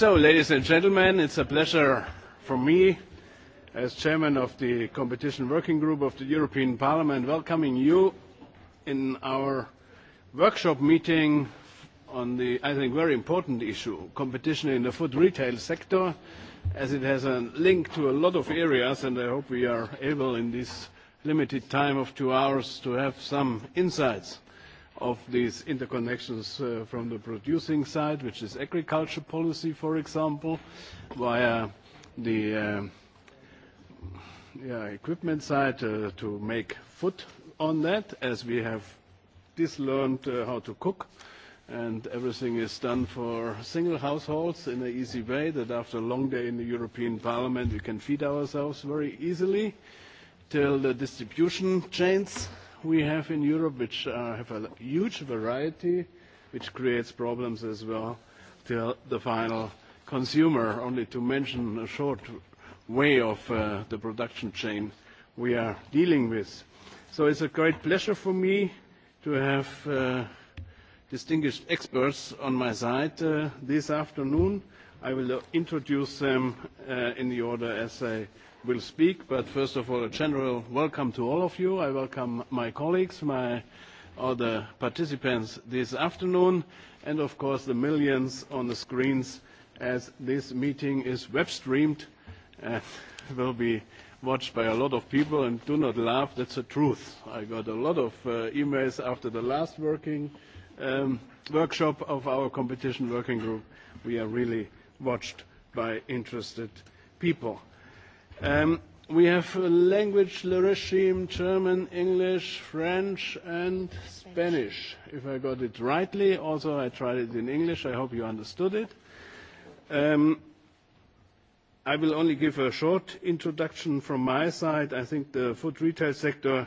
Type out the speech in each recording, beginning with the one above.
Ladies and gentlemen, it's a pleasure for me as Chairman of the Competition Working Group of the European Parliament, welcoming you in our workshop meeting on the, I think, very important issue, competition in the food retail sector, as it has a link to a lot of areas, and I hope we are able, in this limited time of two hours, to have some insights of these interconnections uh, from the producing side, which is agriculture policy, for example, via the um, equipment side uh, to make foot on that as we have this learned uh, how to cook and everything is done for single households in an easy way that after a long day in the European Parliament, we can feed ourselves very easily till the distribution chains we have in Europe, which uh, have a huge variety, which creates problems as well to the final consumer. Only to mention a short way of uh, the production chain we are dealing with. So it's a great pleasure for me to have uh, distinguished experts on my side uh, this afternoon. I will introduce them uh, in the order as I will speak, but first of all, a general welcome to all of you. I welcome my colleagues, my other participants this afternoon, and of course the millions on the screens as this meeting is web streamed and will be watched by a lot of people and do not laugh, that's the truth. I got a lot of uh, emails after the last working um, workshop of our competition working group. We are really watched by interested people. Um, we have a language regime, German, English, French, and Spanish. If I got it rightly, also I tried it in English. I hope you understood it. Um, I will only give a short introduction from my side. I think the food retail sector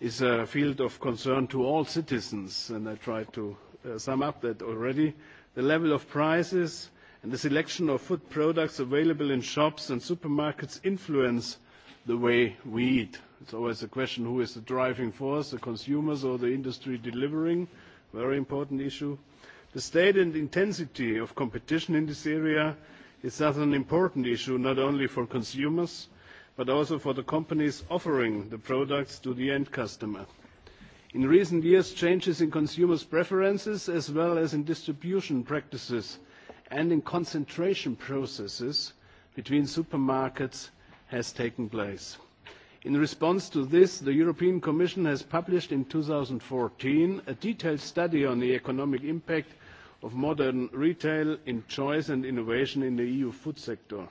is a field of concern to all citizens, and I tried to uh, sum up that already. The level of prices, and the selection of food products available in shops and supermarkets influence the way we eat. It's always a question, who is the driving force, the consumers or the industry delivering? Very important issue. The state and intensity of competition in this area is thus an important issue, not only for consumers, but also for the companies offering the products to the end customer. In recent years, changes in consumers' preferences, as well as in distribution practices, and in concentration processes between supermarkets has taken place. In response to this, the European Commission has published in 2014 a detailed study on the economic impact of modern retail in choice and innovation in the EU food sector.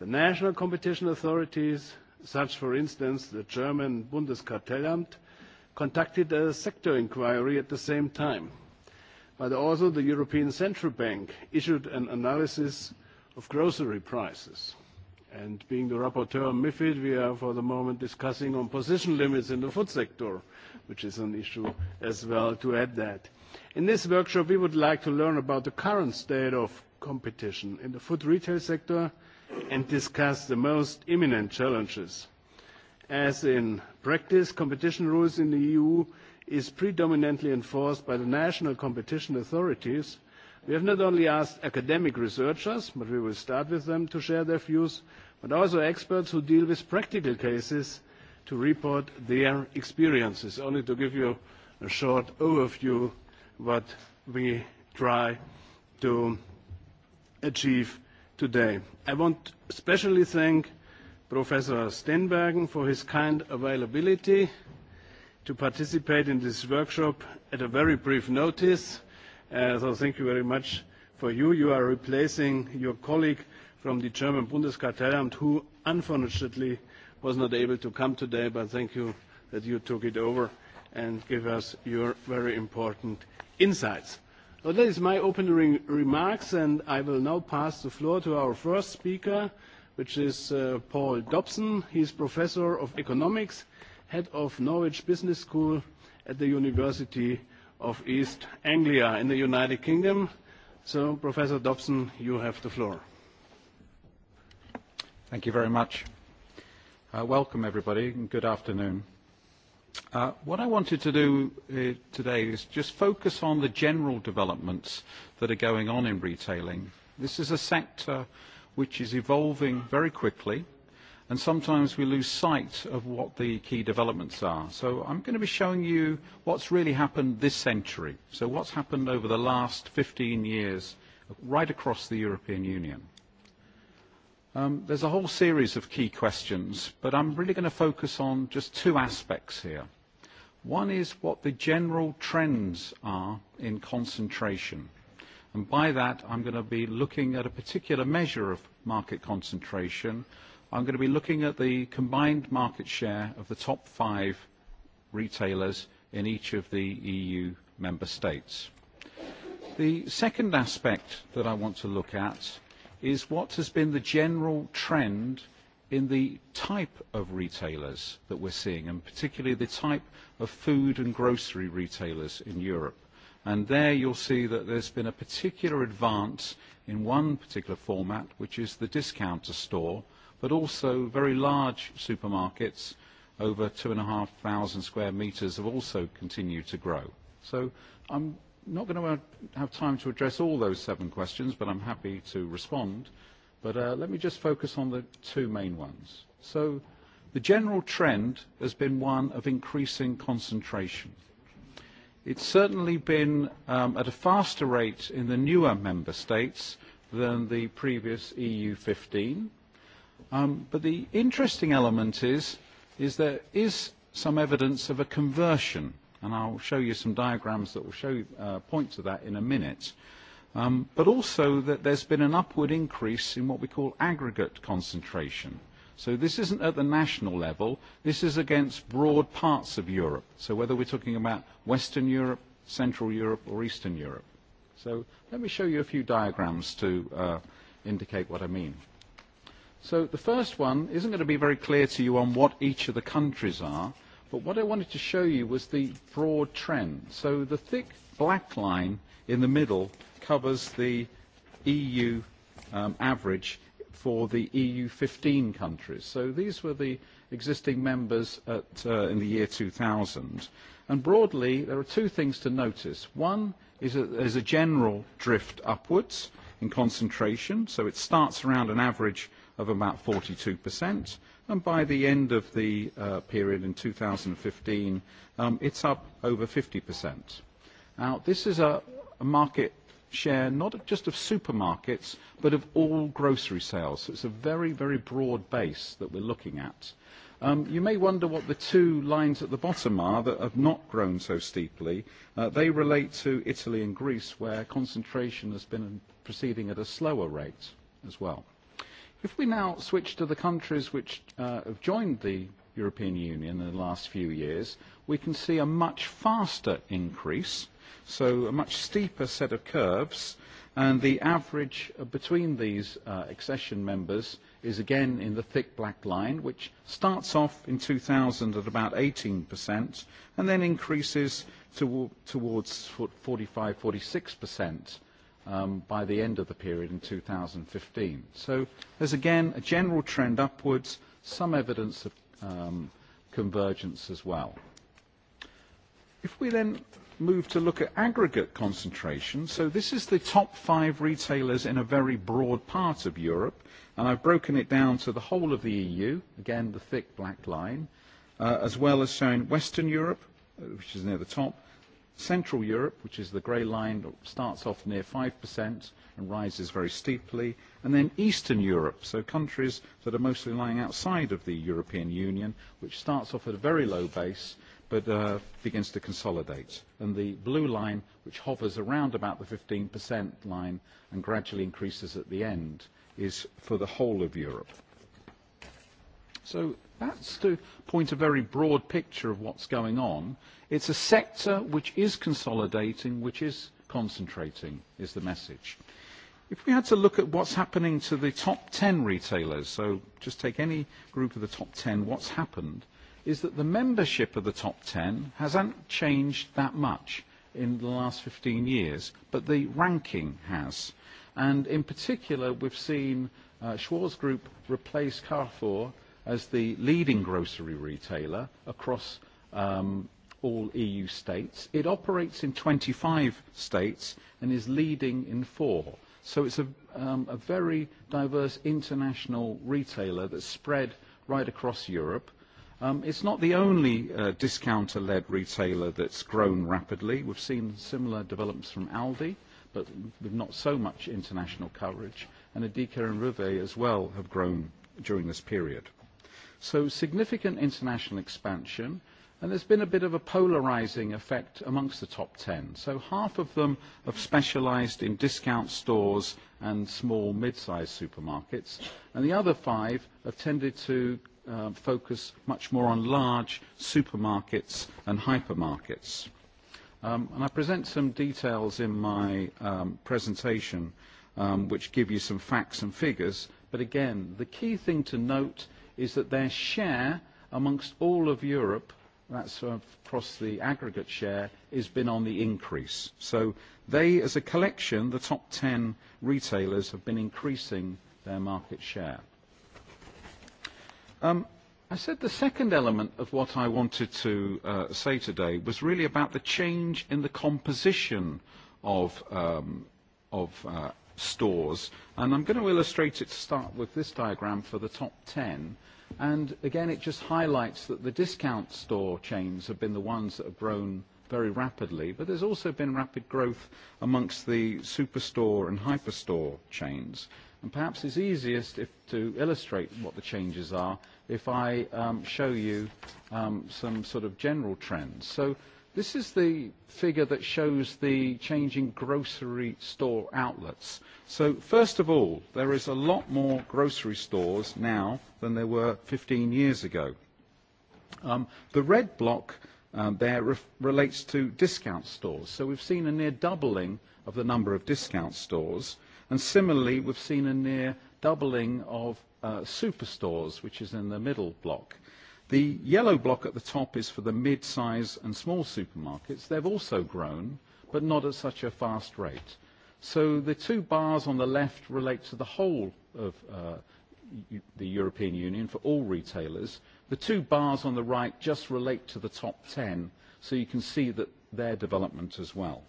The national competition authorities, such for instance, the German Bundeskartellamt, conducted a sector inquiry at the same time but also the European Central Bank issued an analysis of grocery prices. And being the rapporteur on MIFID, we are for the moment discussing on position limits in the food sector, which is an issue as well to add that. In this workshop, we would like to learn about the current state of competition in the food retail sector and discuss the most imminent challenges. As in practice, competition rules in the EU is predominantly enforced by the national competition authorities, we have not only asked academic researchers, but we will start with them to share their views, but also experts who deal with practical cases to report their experiences. Only to give you a short overview what we try to achieve today. I want to especially thank Professor Stenbergen for his kind availability to participate in this workshop at a very brief notice. Uh, thank you very much for you. You are replacing your colleague from the German Bundeskartellamt, who unfortunately was not able to come today, but thank you that you took it over and give us your very important insights. That is my opening remarks, and I will now pass the floor to our first speaker, which is uh, Paul Dobson. He's Professor of Economics head of Norwich Business School at the University of East Anglia in the United Kingdom. So, Professor Dobson, you have the floor. Thank you very much. Uh, welcome, everybody, and good afternoon. Uh, what I wanted to do uh, today is just focus on the general developments that are going on in retailing. This is a sector which is evolving very quickly, and sometimes we lose sight of what the key developments are. So I'm going to be showing you what's really happened this century. So what's happened over the last 15 years right across the European Union. Um, there's a whole series of key questions, but I'm really going to focus on just two aspects here. One is what the general trends are in concentration. And by that, I'm going to be looking at a particular measure of market concentration, I'm going to be looking at the combined market share of the top five retailers in each of the EU member states. The second aspect that I want to look at is what has been the general trend in the type of retailers that we're seeing, and particularly the type of food and grocery retailers in Europe. And there you'll see that there's been a particular advance in one particular format, which is the discounter store, but also very large supermarkets, over 2,500 square metres, have also continued to grow. So I'm not going to uh, have time to address all those seven questions, but I'm happy to respond. But uh, let me just focus on the two main ones. So the general trend has been one of increasing concentration. It's certainly been um, at a faster rate in the newer member states than the previous EU 15, Um, but the interesting element is, is there is some evidence of a conversion, and I'll show you some diagrams that will show uh, point to that in a minute. Um, but also that there's been an upward increase in what we call aggregate concentration. So this isn't at the national level. This is against broad parts of Europe. So whether we're talking about Western Europe, Central Europe, or Eastern Europe. So let me show you a few diagrams to uh, indicate what I mean. So the first one isn't going to be very clear to you on what each of the countries are, but what I wanted to show you was the broad trend. So the thick black line in the middle covers the EU um, average for the EU 15 countries. So these were the existing members at, uh, in the year 2000. And broadly, there are two things to notice. One is a, is a general drift upwards in concentration. So it starts around an average of about 42%, and by the end of the uh, period in 2015, um, it's up over 50%. Now, this is a market share, not just of supermarkets, but of all grocery sales. So it's a very, very broad base that we're looking at. Um, you may wonder what the two lines at the bottom are that have not grown so steeply. Uh, they relate to Italy and Greece, where concentration has been proceeding at a slower rate as well. If we now switch to the countries which uh, have joined the European Union in the last few years, we can see a much faster increase, so a much steeper set of curves, and the average between these uh, accession members is again in the thick black line, which starts off in 2000 at about 18% and then increases to, towards 45-46%. Um, by the end of the period in 2015. So there's again a general trend upwards, some evidence of um, convergence as well. If we then move to look at aggregate concentration, so this is the top five retailers in a very broad part of Europe, and I've broken it down to the whole of the EU, again the thick black line, uh, as well as showing Western Europe, uh, which is near the top, Central Europe, which is the gray line, starts off near 5% and rises very steeply. Then Eastern Europe, so countries that are mostly lying outside of the European Union, which starts off at a very low base but uh, begins to consolidate. The blue line, which hovers around about the 15% line and gradually increases at the end, is for the whole of Europe. That's to point a very broad picture of what's going on. It's a sector which is consolidating, which is concentrating, is the message. If we had to look at what's happening to the top 10 retailers, so just take any group of the top 10, what's happened is that the membership of the top 10 hasn't changed that much in the last 15 years, but the ranking has. And in particular, we've seen uh, Schwarz Group replace Carrefour as the leading grocery retailer across um, all EU states. It operates in 25 states and is leading in four. So it's a, um, a very diverse international retailer that's spread right across Europe. Um, it's not the only uh, discounter-led retailer that's grown rapidly. We've seen similar developments from Aldi, but with not so much international coverage. And Adika and Rive as well have grown during this period. Significant international expansion, and there's been a bit of a polarizing effect amongst the top 10. Half of them have specialized in discount stores and small mid-size supermarkets, and the other five have tended to um, focus much more on large supermarkets and hypermarkets. Um, I present some details in my um, presentation, which give you some facts and figures. Again, the key thing to note is that their share amongst all of Europe, that's uh, across the aggregate share, has been on the increase. They, as a collection, the top 10 retailers, have been increasing their market share. Um, I said the second element of what I wanted to uh, say today was really about the change in the composition of um, uh, stores. And I'm going to illustrate it to start with this diagram for the top 10. And again, it just highlights that the discount store chains have been the ones that have grown very rapidly, but there's also been rapid growth amongst the superstore and hyperstore chains. And perhaps it's easiest if, to illustrate what the changes are if I um, show you um, some sort of general trends. So This is the figure that shows the change in grocery store outlets. So first of all, there is a lot more grocery stores now than there were 15 years ago. Um, the red block um, there relates to discount stores. So we've seen a near doubling of the number of discount stores, and similarly, we've seen a near doubling of uh, superstores, which is in the middle block. The yellow block at the top is for the mid-size and small supermarkets. They've also grown, but not at such a fast rate. So the two bars on the left relate to the whole of uh, the European Union for all retailers. The two bars on the right just relate to the top 10, so you can see that their development as well.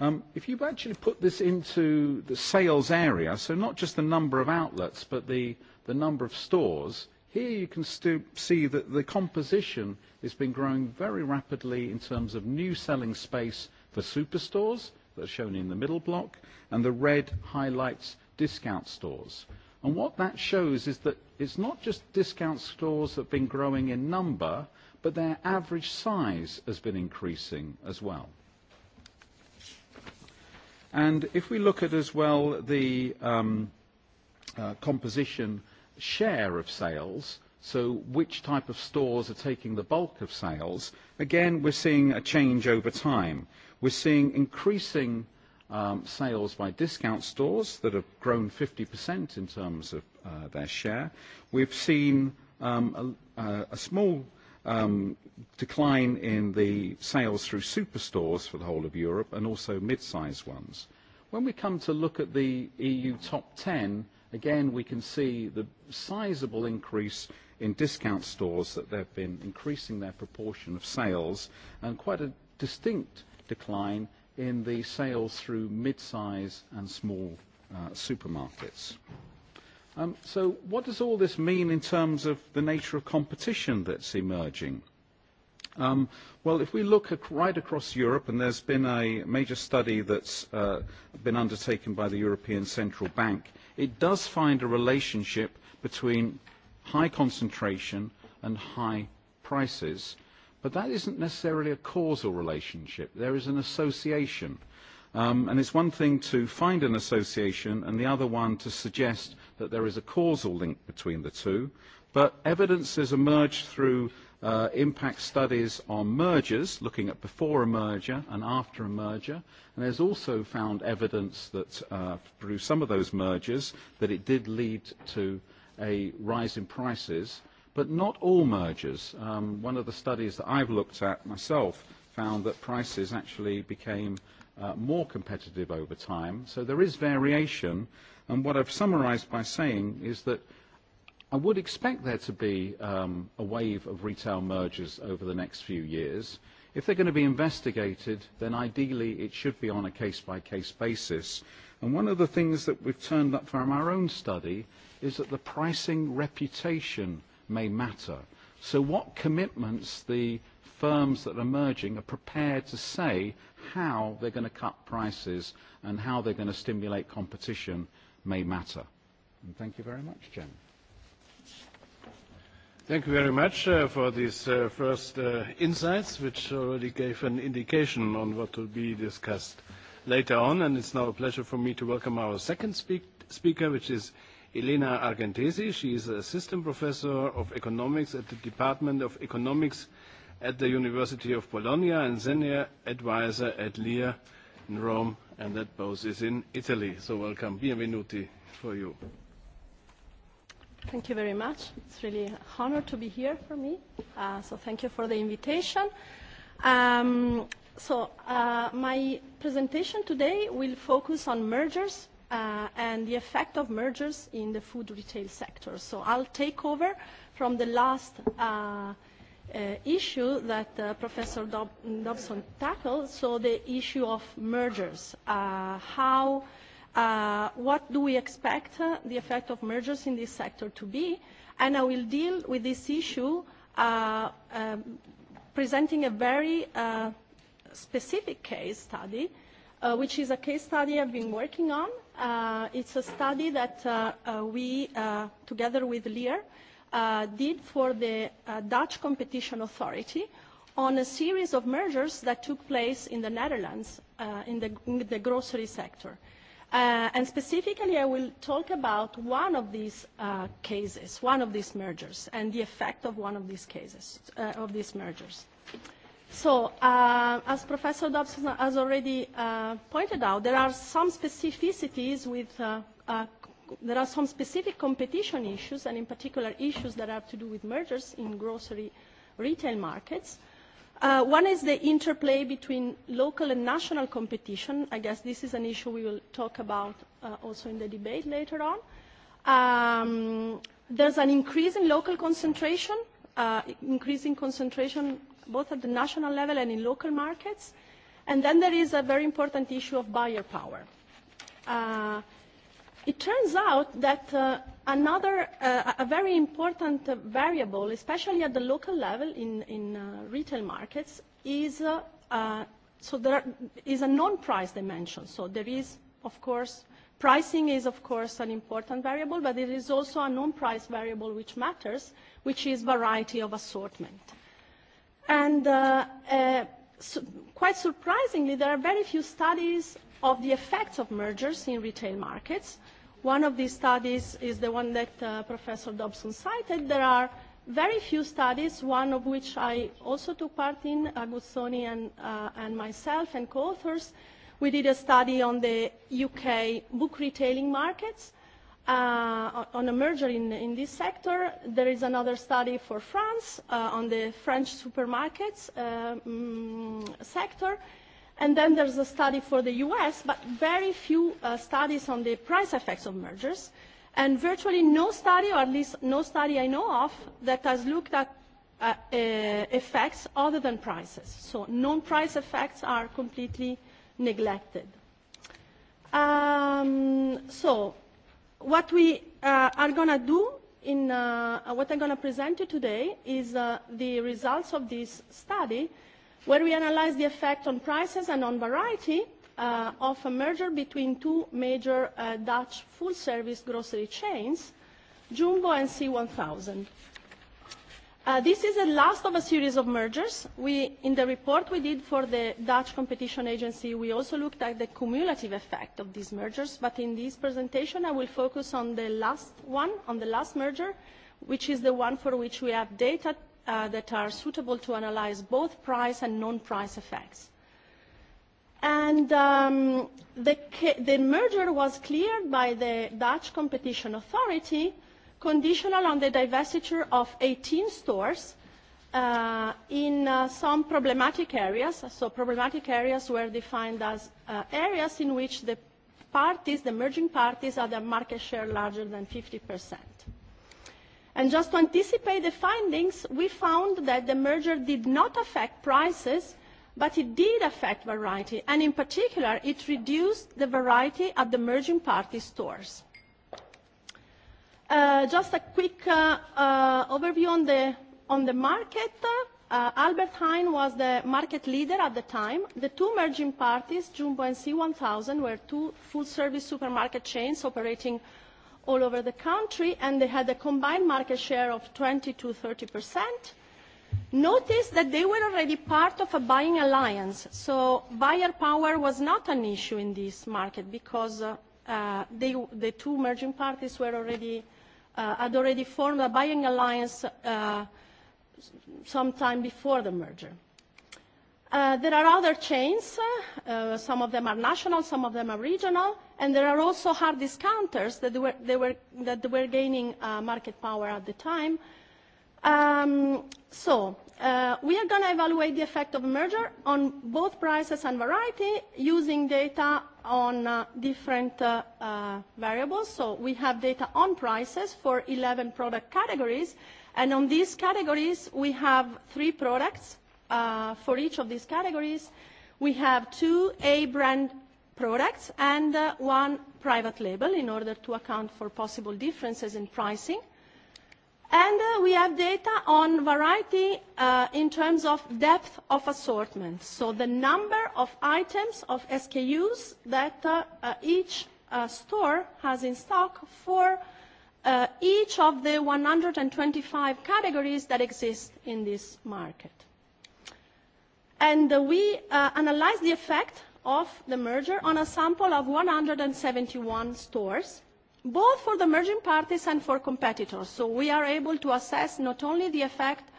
Um, if you actually put this into the sales area, so not just the number of outlets, but the, the number of stores, Here you can still see that the composition has been growing very rapidly in terms of new selling space for superstores, that's shown in the middle block, and the red highlights discount stores. What that shows is that it's not just discount stores that have been growing in number, but their average size has been increasing as well. If we look at as well the um, uh, composition share of sales, so which type of stores are taking the bulk of sales, again, we're seeing a change over time. We're seeing increasing um, sales by discount stores that have grown 50% in terms of uh, their share. We've seen um, uh, a small um, decline in the sales through superstores for the whole of Europe and also mid-size ones. When we come to look at the EU top 10, again, we can see the sizable increase in discount stores, that they've been increasing their proportion of sales, and quite a distinct decline in the sales through mid-size and small uh, supermarkets. Um, what does all this mean in terms of the nature of competition that's emerging? Um, well, if we look ac- right across Europe, and there's been a major study that's uh, been undertaken by the European Central Bank, it does find a relationship between high concentration and high prices, but that isn't necessarily a causal relationship. There is an association. Um, and it's one thing to find an association and the other one to suggest that there is a causal link between the two. But evidence has emerged through Uh, impact studies on mergers, looking at before a merger and after a merger. There's also found evidence that uh, through some of those mergers, that it did lead to a rise in prices, but not all mergers. Um, one of the studies that I've looked at myself found that prices actually became uh, more competitive over time. There is variation, and what I've summarized by saying is that I would expect there to be um, a wave of retail mergers over the next few years. If they're going to be investigated, then ideally it should be on a case-by-case basis. One of the things that we've turned up from our own study is that the pricing reputation may matter. What commitments the firms that are merging are prepared to say how they're going to cut prices and how they're going to stimulate competition may matter. Thank you very much, Jenny. Thank you very much uh, for these uh, first uh, insights, which already gave an indication on what will be discussed later on. And it's now a pleasure for me to welcome our second speak speaker, which is Elena Argentesi. She is an assistant professor of economics at the Department of Economics at the University of Bologna and senior advisor at Lear in Rome, and that both is in Italy. So welcome. Bienvenuti for you. Thank you very much. It's really an honor to be here for me. Uh, so thank you for the invitation. Um, so uh, my presentation today will focus on mergers uh, and the effect of mergers in the food retail sector. So I'll take over from the last uh, uh, issue that uh, Professor Dob Dobson tackled, so the issue of mergers, uh, how Uh, what do we expect uh, the effect of mergers in this sector to be? And I will deal with this issue uh, um, presenting a very specific case study, which is a case study I've been working on. It's a study that we together with Lear did for the Dutch Competition Authority on a series of mergers that took place in the Netherlands in the grocery sector. Uh, and specifically, I will talk about one of these uh, cases, one of these mergers, and the effect of one of these cases, uh, of these mergers. So, uh, as Professor Dobson has already uh, pointed out, there are some specificities with, uh, uh, there are some specific competition issues, and in particular, issues that have to do with mergers in grocery retail markets. Uh, one is the interplay between local and national competition. I guess this is an issue we will talk about uh, also in the debate later on. Um, there's an increase in local concentration, uh, increasing concentration both at the national level and in local markets. And then there is a very important issue of buyer power. Uh, it turns out that uh, another, uh, a very important variable, especially at the local level in, in uh, retail markets, is uh, uh, so there are, is a non-price dimension. So there is, of course, pricing is, of course, an important variable, but it is also a non-price variable which matters, which is variety of assortment. And uh, uh, so quite surprisingly, there are very few studies of the effects of mergers in retail markets. One of these studies is the one that uh, Professor Dobson cited. There are very few studies, one of which I also took part in, Aguzzoni uh, and, uh, and myself and co-authors. We did a study on the UK book retailing markets uh, on a merger in, in this sector. There is another study for France uh, on the French supermarkets uh, mm, sector. And then there's a study for the US, but very few uh, studies on the price effects of mergers. And virtually no study, or at least no study I know of, that has looked at uh, uh, effects other than prices. So non price effects are completely neglected. Um, so, what we uh, are going to do, in, uh, what I'm going to present you today, is uh, the results of this study where we analyzed the effect on prices and on variety uh, of a merger between two major uh, Dutch full-service grocery chains, Jumbo and C1000. Uh, this is the last of a series of mergers. In the report we did for the Dutch Competition Agency, we also looked at the cumulative effect of these mergers, but in this presentation, I will focus on the last one, on the last merger, which is the one for which we have data Uh, that are suitable to analyze both price and non-price effects. Um, the merger was cleared by the Dutch Competition Authority, conditional on the divestiture of 18 stores uh, in uh, some problematic areas. Problematic areas were defined as areas in which the parties, the merging parties, had a market share larger than 50%. Just to anticipate the findings, we found that the merger did not affect prices, but it did affect variety, and in particular, it reduced the variety at the merging party stores. Uh, just a quick uh, uh, overview on the, on the market. Uh, Albert Hein was the market leader at the time. The two merging parties, Jumbo and C1000, were two full-service supermarket chains operating all over the country, and they had a combined market share of 20%-30%. Notice that they were already part of a buying alliance, so buyer power was not an issue in this market because uh, uh, the two merging parties were already uh, had already formed a buying alliance sometime before the merger. Uh, there are other chains. Uh, uh, some of them are national, some of them are regional, and there are also hard discounters that they were, they were, that they were gaining uh, market power at the time. Um, so uh, we are going to evaluate the effect of a merger on both prices and variety using data on uh, different uh, uh, variables. So we have data on prices for 11 product categories, and on these categories we have three products. Uh, for each of these categories, we have two A brand products and uh, one private label in order to account for possible differences in pricing. Uh, we have data on variety in terms of depth of assortment, so the number of items of SKUs that each store has in stock for each of the 125 categories that exist in this market. And we uh, analyzed the effect of the merger on a sample of 171 stores, both for the merging parties and for competitors. So we are able to assess not only the effect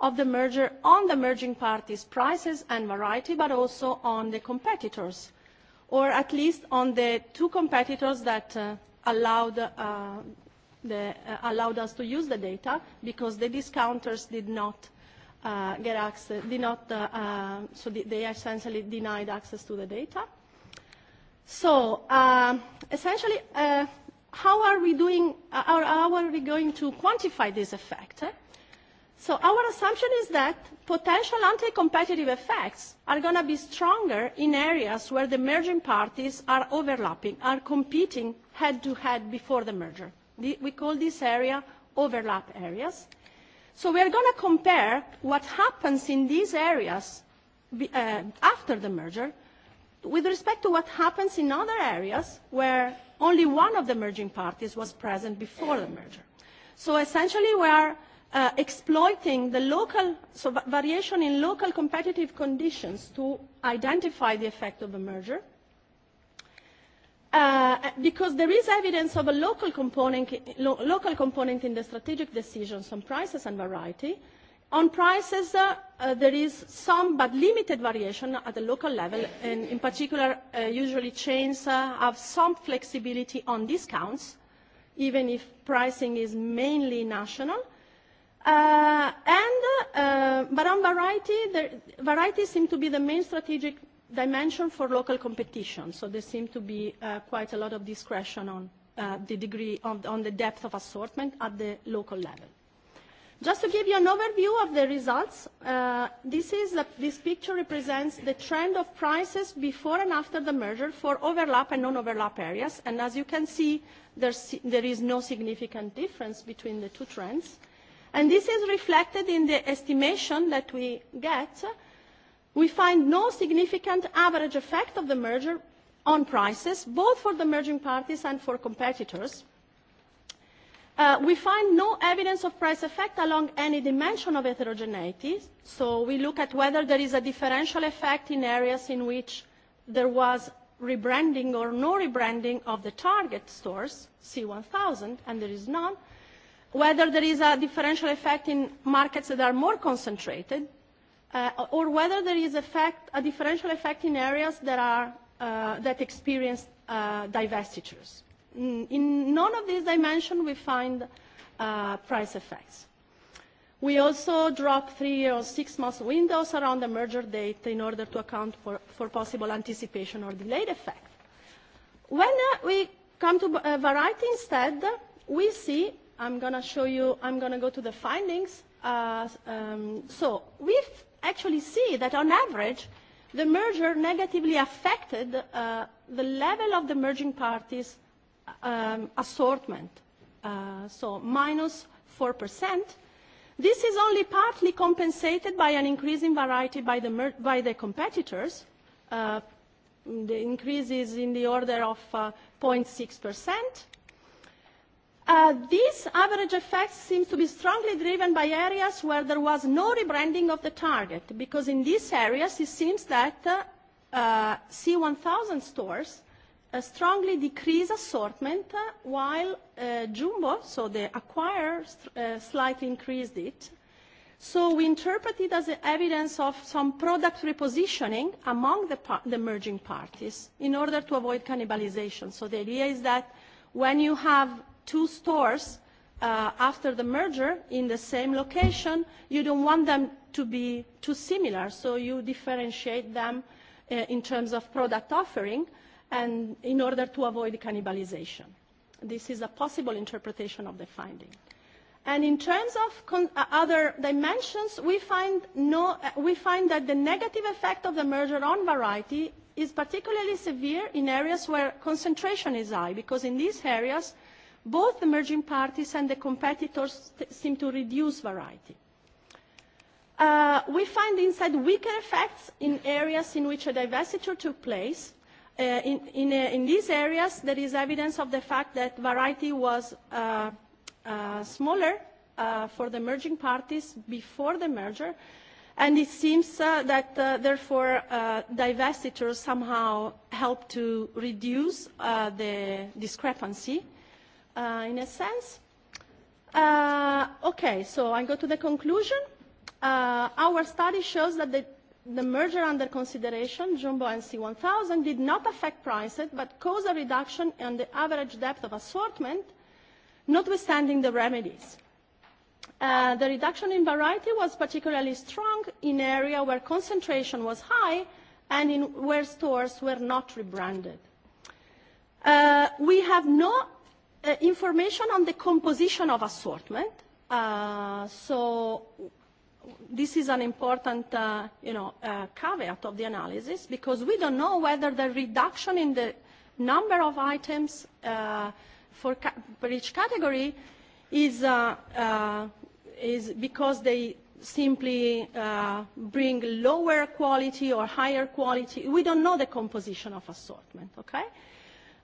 of the merger on the merging parties' prices and variety, but also on the competitors, or at least on the two competitors that uh, uh, allowed us to use the data because the discounters did not uh, get access, did not, uh, uh, so th they essentially denied access to the data. So uh, essentially, uh, how are we doing, uh, how are we going to quantify this effect? Eh? So our assumption is that potential anti-competitive effects are going to be stronger in areas where the merging parties are overlapping, are competing head-to-head -head before the merger. The, we call this area overlap areas. So we are going to compare what happens in these areas uh, after the merger with respect to what happens in other areas where only one of the merging parties was present before the merger. So essentially we are uh, exploiting the local so variation in local competitive conditions to identify the effect of a merger. Uh, because there is evidence of a local component, lo local component in the strategic decisions on prices and variety. On prices, uh, uh, there is some but limited variation at the local level, and in particular, uh, usually chains uh, have some flexibility on discounts, even if pricing is mainly national. Uh, and, uh, but on variety, the variety seem to be the main strategic dimension for local competition. So there seemed to be uh, quite a lot of discretion on uh, the degree of, on the depth of assortment at the local level. Just to give you an overview of the results, uh, this, is a, this picture represents the trend of prices before and after the merger for overlap and non-overlap areas. And as you can see, there is no significant difference between the two trends. And this is reflected in the estimation that we get uh, We find no significant average effect of the merger on prices, both for the merging parties and for competitors. Uh, we find no evidence of price effect along any dimension of heterogeneity, so we look at whether there is a differential effect in areas in which there was rebranding or no rebranding of the target stores, C1000, and there is none. Whether there is a differential effect in markets that are more concentrated, uh, or whether there is effect, a differential effect in areas that, are, uh, that experience uh, divestitures. Mm, in none of these dimensions, we find uh, price effects. We also drop three or six month windows around the merger date in order to account for, for possible anticipation or delayed effect. When uh, we come to a uh, variety instead, we see, I'm going to show you, I'm going to go to the findings. Uh, um, so we actually see that on average, the merger negatively affected uh, the level of the merging parties um, assortment, uh, so minus 4%. This is only partly compensated by an increase in variety by the, mer- by the competitors. Uh, the increase is in the order of uh, 0.6%. Uh, This average effect seems to be strongly driven by areas where there was no rebranding of the target, because in these areas, it seems that uh, uh, C1000 stores strongly decrease assortment, while Jumbo, so the acquirer, slightly increased it. So we interpret it as evidence of some product repositioning among the merging parties in order to avoid cannibalization. So the idea is that when you have two stores uh, after the merger in the same location, you don't want them to be too similar, so you differentiate them uh, in terms of product offering and in order to avoid cannibalization. This is a possible interpretation of the finding. In terms of uh, other dimensions, no, we find that the negative effect of the merger on variety is particularly severe in areas where concentration is high, because in these areas, both emerging parties and the competitors seem to reduce variety. Uh, we find instead weaker effects in areas in which a divestiture took place. Uh, in, in, uh, in these areas, there is evidence of the fact that variety was uh, uh, smaller uh, for the merging parties before the merger, and it seems uh, that, uh, therefore, uh, divestitures somehow helped to reduce uh, the discrepancy. Uh, uh, in a sense. Uh, okay, so I go to the conclusion. Uh, our study shows that the, the merger under consideration, Jumbo and C1000, did not affect prices but caused a reduction in the average depth of assortment, notwithstanding the remedies. Uh, the reduction in variety was particularly strong in areas where concentration was high and in where stores were not rebranded. Uh, we have no Uh, information on the composition of assortment. Uh, so this is an important, uh, you know, uh, caveat of the analysis because we don't know whether the reduction in the number of items uh, for, ca- for each category is, uh, uh, is because they simply uh, bring lower quality or higher quality. We don't know the composition of assortment, okay? Uh,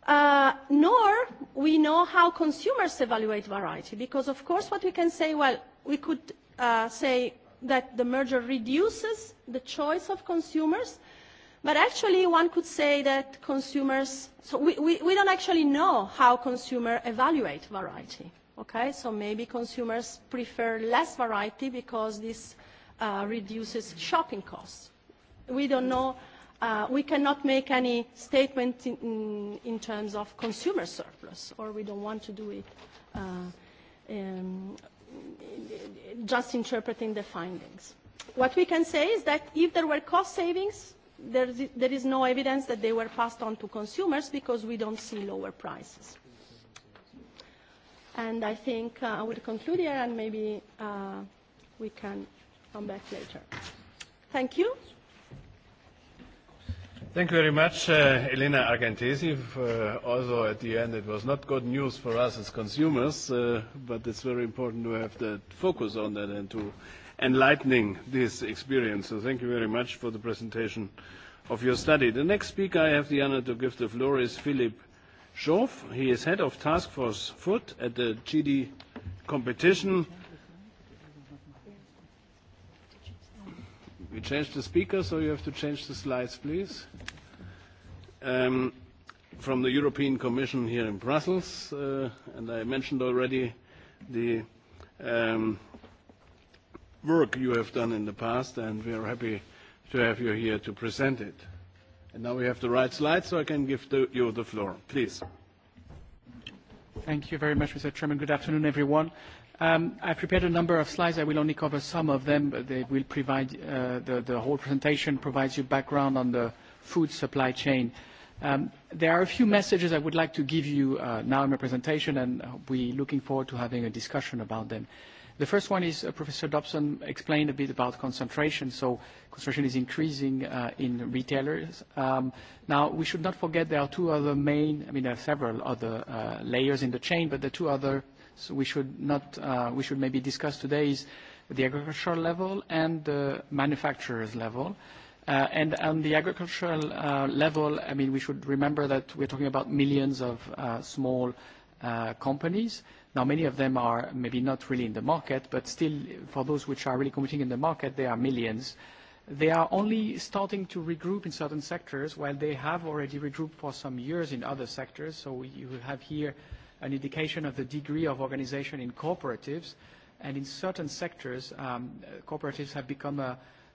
uh, nor we know how consumers evaluate variety, because of course what we can say, well, we could uh, say that the merger reduces the choice of consumers, but actually one could say that consumers, so we, we, we don't actually know how consumers evaluate variety. Okay, so maybe consumers prefer less variety because this uh, reduces shopping costs. We don't know Uh, we cannot make any statement in, in, mm, in terms of consumer surplus, or we don't want to do it uh, um, just interpreting the findings. What we can say is that if there were cost savings, there, there is no evidence that they were passed on to consumers because we don't see lower prices. And I think uh, I would conclude here and maybe uh, we can come back later. Thank you. Thank you very much, uh, Elena Argentesi. Uh, also, at the end, it was not good news for us as consumers, uh, but it's very important to have the focus on that and to enlightening this experience. So thank you very much for the presentation of your study. The next speaker I have the honor to give the floor is Philippe Schoff. He is head of Task Force Foot at the GD Competition. Okay. We change the speaker, so you have to change the slides, please. Um, from the European Commission here in Brussels, uh, and I mentioned already the um, work you have done in the past, and we are happy to have you here to present it. Now we have the right slide, so I can give you the floor. Please. Thank you very much, Mr. Chairman. Good afternoon, everyone. Um, I've prepared a number of slides. I will only cover some of them, but they will provide uh, the whole presentation provides you background on the food supply chain. Um, there are a few messages I would like to give you uh, now in my presentation, and we're looking forward to having a discussion about them. The first one is uh, Professor Dobson explained a bit about concentration. So concentration is increasing in retailers. Um, now, we should not forget there are two other main, I mean, there are several other layers in the chain, but the two other we should not, uh, we should maybe discuss today is the agricultural level and the manufacturer's level. Uh, and on the agricultural uh, level, I mean, we should remember that we're talking about millions of small companies. Now, many of them are maybe not really in the market, but still, for those which are really competing in the market, they are millions. They are only starting to regroup in certain sectors, while they have already regrouped for some years in other sectors. So you have here an indication of the degree of organization in cooperatives. In certain sectors, um, cooperatives have become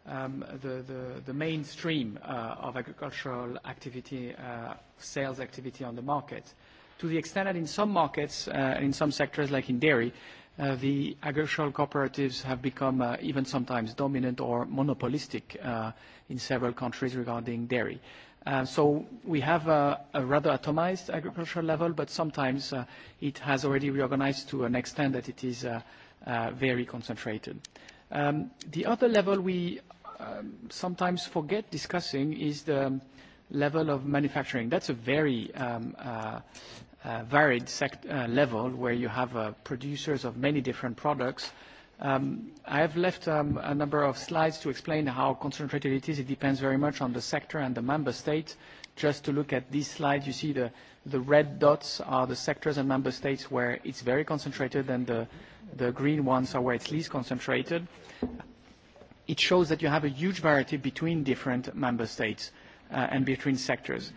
um, the mainstream uh, of agricultural activity, uh, sales activity on the market. To the extent that in some markets, uh, in some sectors, like in dairy, the agricultural cooperatives have become even sometimes dominant or monopolistic in several countries regarding dairy. Um, so we have a rather atomized agricultural level, but sometimes uh, it has already reorganized to an extent that it is uh, uh, very concentrated. Um, the other level we um, sometimes forget discussing is the level of manufacturing. That's a very varied level where you have producers of many different products Um, I have left um, a number of slides to explain how concentrated it is. It depends very much on the sector and the member state. Just to look at this slide, you see the, the red dots are the sectors and member states where it's very concentrated and the, the green ones are where it's least concentrated. It shows that you have a huge variety between different member states uh, and between sectors.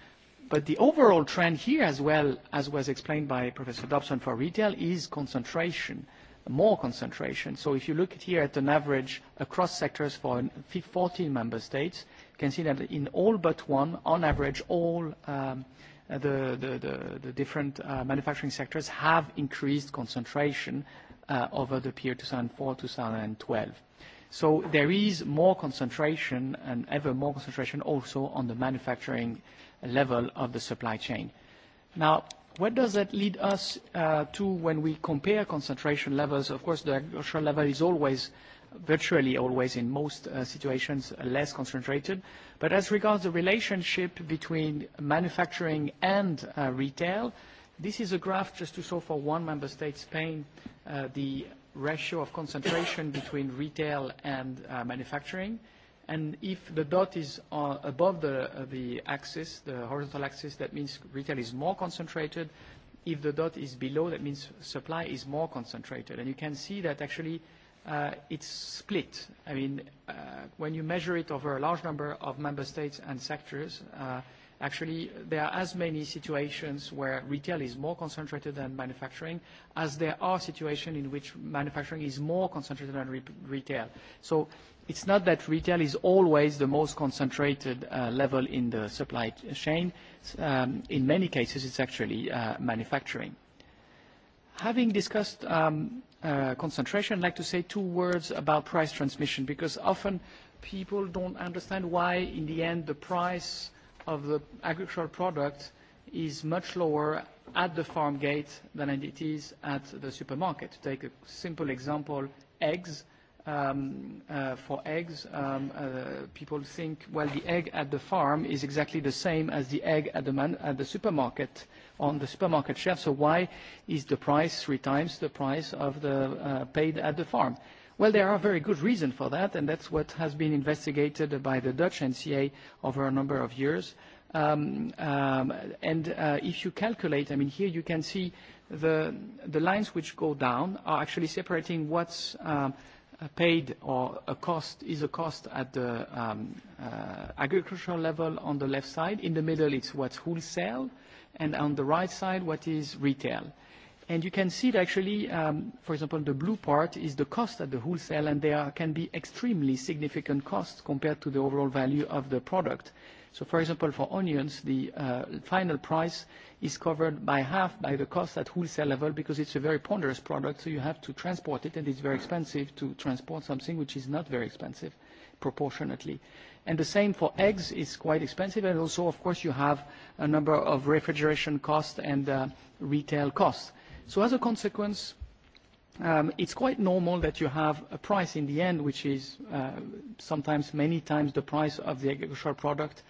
But the overall trend here, as well as was explained by Professor Dobson for retail, is concentration. Uh, more concentration. So if you look at here at an average across sectors for 14 member states, you can see that in all but one, on average, all um, the, the, the, the different uh, manufacturing sectors have increased concentration uh, over the period 2004-2012. So there is more concentration and ever more concentration also on the manufacturing level of the supply chain. Now, What does that lead us uh, to when we compare concentration levels? Of course, the agricultural level is always, virtually always in most uh, situations, uh, less concentrated. But as regards the relationship between manufacturing and uh, retail, this is a graph just to show for one member state, Spain, uh, the ratio of concentration between retail and uh, manufacturing. Uh, And if the dot is uh, above the, uh, the axis, the horizontal axis, that means retail is more concentrated. If the dot is below, that means supply is more concentrated. And you can see that actually uh, it's split. I mean, uh, when you measure it over a large number of member states and sectors, uh, actually there are as many situations where retail is more concentrated than manufacturing as there are situations in which manufacturing is more concentrated than re retail. So it's not that retail is always the most concentrated uh, level in the supply chain. Um, in many cases, it's actually uh, manufacturing. Having discussed um, uh, concentration, I'd like to say two words about price transmission because often people don't understand why, in the end, the price of the agricultural product is much lower at the farm gate than it is at the supermarket. To take a simple example, eggs um, uh, for eggs, um, uh, people think, well, the egg at the farm is exactly the same as the egg at the, man- at the supermarket on the supermarket shelf. So why is the price three times the price of the uh, paid at the farm? Well, there are very good reasons for that, and that's what has been investigated by the Dutch NCA over a number of years. Um, um, and uh, if you calculate, I mean, here you can see the, the lines which go down are actually separating what's um, Uh, paid or a cost is a cost at the um, uh, agricultural level on the left side. In the middle, it's what's wholesale, and on the right side, what is retail. You can see that actually, um, for example, the blue part is the cost at the wholesale, and there can be extremely significant costs compared to the overall value of the product. For example, for onions, the uh, final price is covered by half by the cost at wholesale level because it's a very ponderous product, so you have to transport it, and it's very expensive to transport something which is not very expensive proportionately. The same for eggs, it's quite expensive. Also, of course, you have a number of refrigeration costs and uh, retail costs. As a consequence, um, it's quite normal that you have a price in the end, which is uh, sometimes many times the price of the agricultural product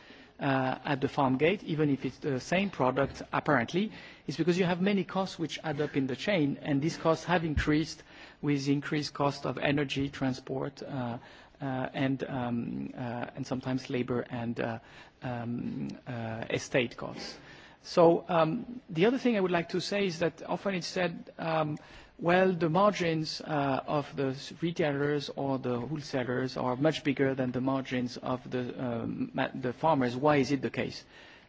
Uh, at the farm gate, even if it's the same product, apparently, is because you have many costs which add up in the chain, and these costs have increased with increased cost of energy, transport, uh, uh, um, and sometimes labor and um, estate costs. Um, the other thing I would like to say is that often it's said, Well, the margins uh, of the retailers or the wholesalers are much bigger than the margins of um, the farmers. Why is it the case?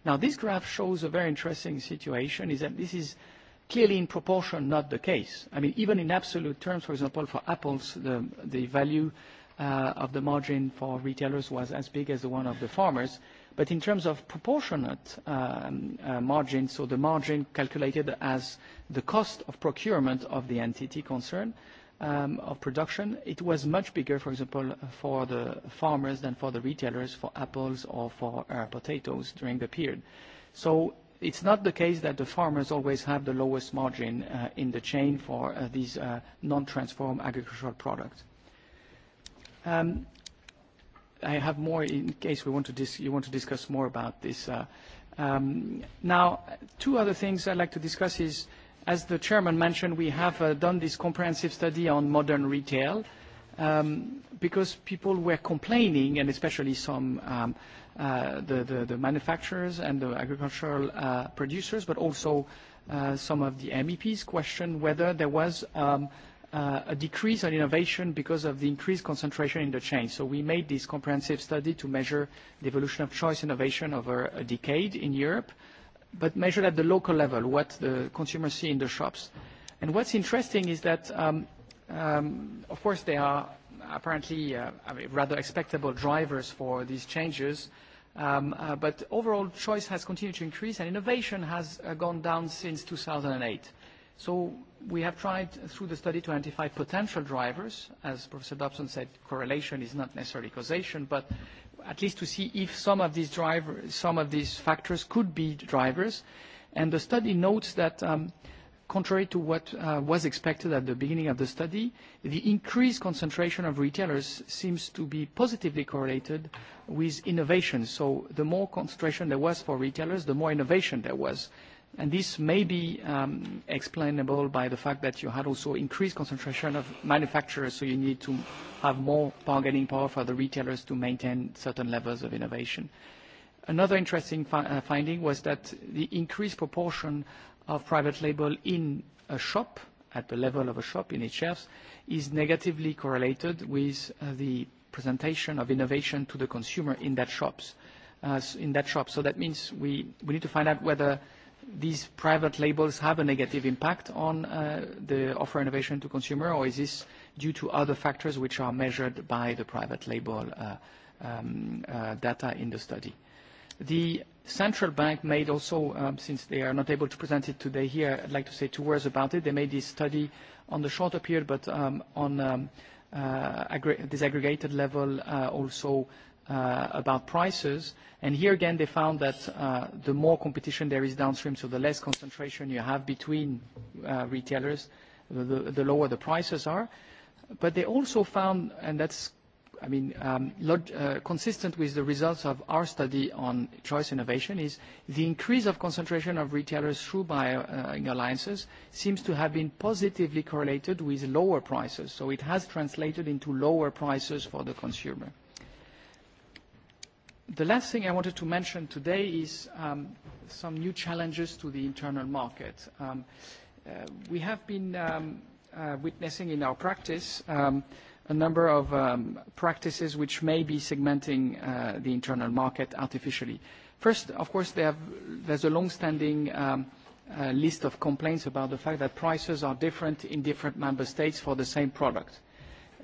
Now, this graph shows a very interesting situation, is that this is clearly in proportion not the case. I mean, even in absolute terms, for example, for apples, the value uh, of the margin for retailers was as big as the one of the farmers. But in terms of proportionate um, uh, margin, so the margin calculated as the cost of procurement of the entity concerned um, of production, it was much bigger, for example, for the farmers than for the retailers for apples or for uh, potatoes during the period. So it's not the case that the farmers always have the lowest margin uh, in the chain for these non-transformed agricultural products. Um, I have more in case we want to dis you want to discuss more about this. Uh, um, now, two other things I'd like to discuss is, as the chairman mentioned, we have uh, done this comprehensive study on modern retail um, because people were complaining, and especially some um, uh, the, the, the manufacturers and the agricultural uh, producers, but also uh, some of the MEPs questioned whether there was um, uh, Uh, a decrease on innovation because of the increased concentration in the chain. We made this comprehensive study to measure the evolution of choice innovation over a decade in Europe, but measured at the local level, what the consumers see in the shops. What's interesting is that, um, um, of course, there are apparently uh, rather expectable drivers for these changes. Um, uh, overall, choice has continued to increase, and innovation has gone down since 2008. We have tried through the study to identify potential drivers. As Professor Dobson said, correlation is not necessarily causation, but at least to see if some of these drivers, some of these factors could be drivers. The study notes that, um, contrary to what uh, was expected at the beginning of the study, the increased concentration of retailers seems to be positively correlated with innovation. The more concentration there was for retailers, the more innovation there was. This may be um, explainable by the fact that you had also increased concentration of manufacturers, so you need to have more bargaining power for the retailers to maintain certain levels of innovation. Another interesting uh, finding was that the increased proportion of private label in a shop, at the level of a shop in each shelf, is negatively correlated with uh, the presentation of innovation to the consumer in that uh, shop. That means we need to find out whether these private labels have a negative impact on uh, the offer innovation to consumer, or is this due to other factors which are measured by the private label uh, um, uh, data in the study? The central bank made also, um, since they are not able to present it today here, I'd like to say two words about it. They made this study on the shorter period, but um, on disaggregated level, also uh, about prices. And here again, they found that uh, the more competition there is downstream, so the less concentration you have between uh, retailers, the, the, the lower the prices are. But they also found, and that's, I mean, um, log- uh, consistent with the results of our study on choice innovation, is the increase of concentration of retailers through buying uh, alliances seems to have been positively correlated with lower prices. So it has translated into lower prices for the consumer. The last thing I wanted to mention today is um, some new challenges to the internal market. Um, uh, we have been um, uh, witnessing in our practice a number of practices which may be segmenting uh, the internal market artificially. First, of course, there's a longstanding list of complaints about the fact that prices are different in different member states for the same product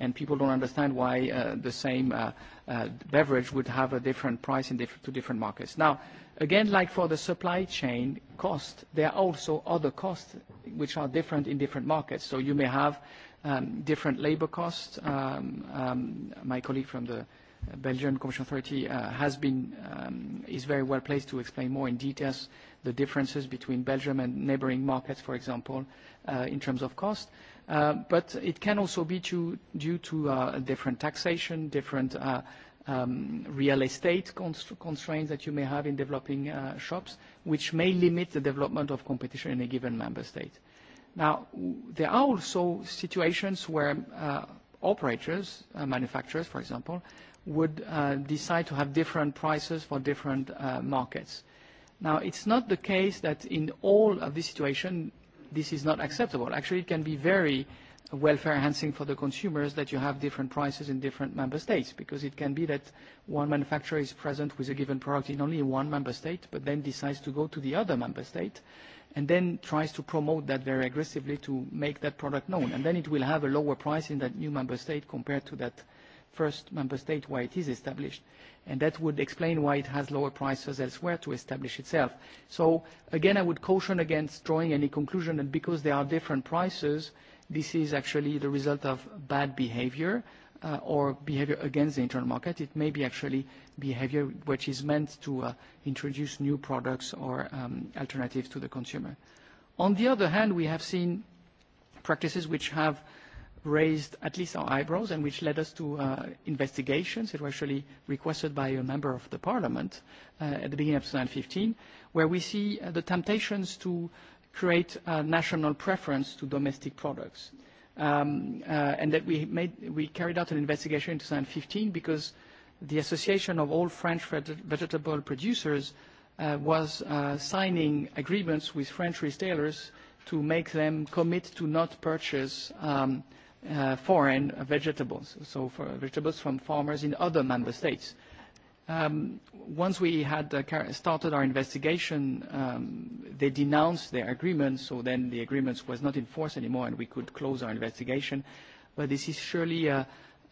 and people don't understand why uh, the same uh, uh, beverage would have a different price in diff two different markets. Now, again, like for the supply chain cost, there are also other costs which are different in different markets. So you may have um, different labor costs. Um, um, my colleague from the Belgian Commission Authority uh, has been, um, is very well placed to explain more in details the differences between Belgium and neighboring markets, for example, uh, in terms of cost. Uh, Uh, but it can also be due to uh, different taxation, different uh, um, real estate constraints that you may have in developing shops, which may limit the development of competition in a given member state. Now, there are also situations where operators, manufacturers, for example, would decide to have different prices for different markets. Now, it's not the case that in all of this situation, this is not acceptable. Actually, it can be very welfare enhancing for the consumers that you have different prices in different member states because it can be that one manufacturer is present with a given product in only one member state but then decides to go to the other member state and then tries to promote that very aggressively to make that product known. And then it will have a lower price in that new member state compared to that uh, first member state where it is established. That would explain why it has lower prices elsewhere to establish itself. Again, I would caution against drawing any conclusion that because there are different prices, this is actually the result of bad behavior uh, or behavior against the internal market. It may be actually behavior which is meant to uh, introduce new products or um, alternatives to the consumer. On the other hand, we have seen practices which have raised at least our eyebrows and which led us to uh, investigations. It was actually requested by a member of the parliament uh, at the beginning of 2015, where we see uh, the temptations to create a national preference to domestic products. Um, uh, and that we, made, we carried out an investigation in 2015 because the Association of All French Vegetable Producers uh, was uh, signing agreements with French retailers to make them commit to not purchase um, uh, Uh, foreign vegetables, so for vegetables from farmers in other member states. Um, once we had started our investigation, um, they denounced their agreement, so then the agreement was not in force anymore, and we could close our investigation. This is surely uh,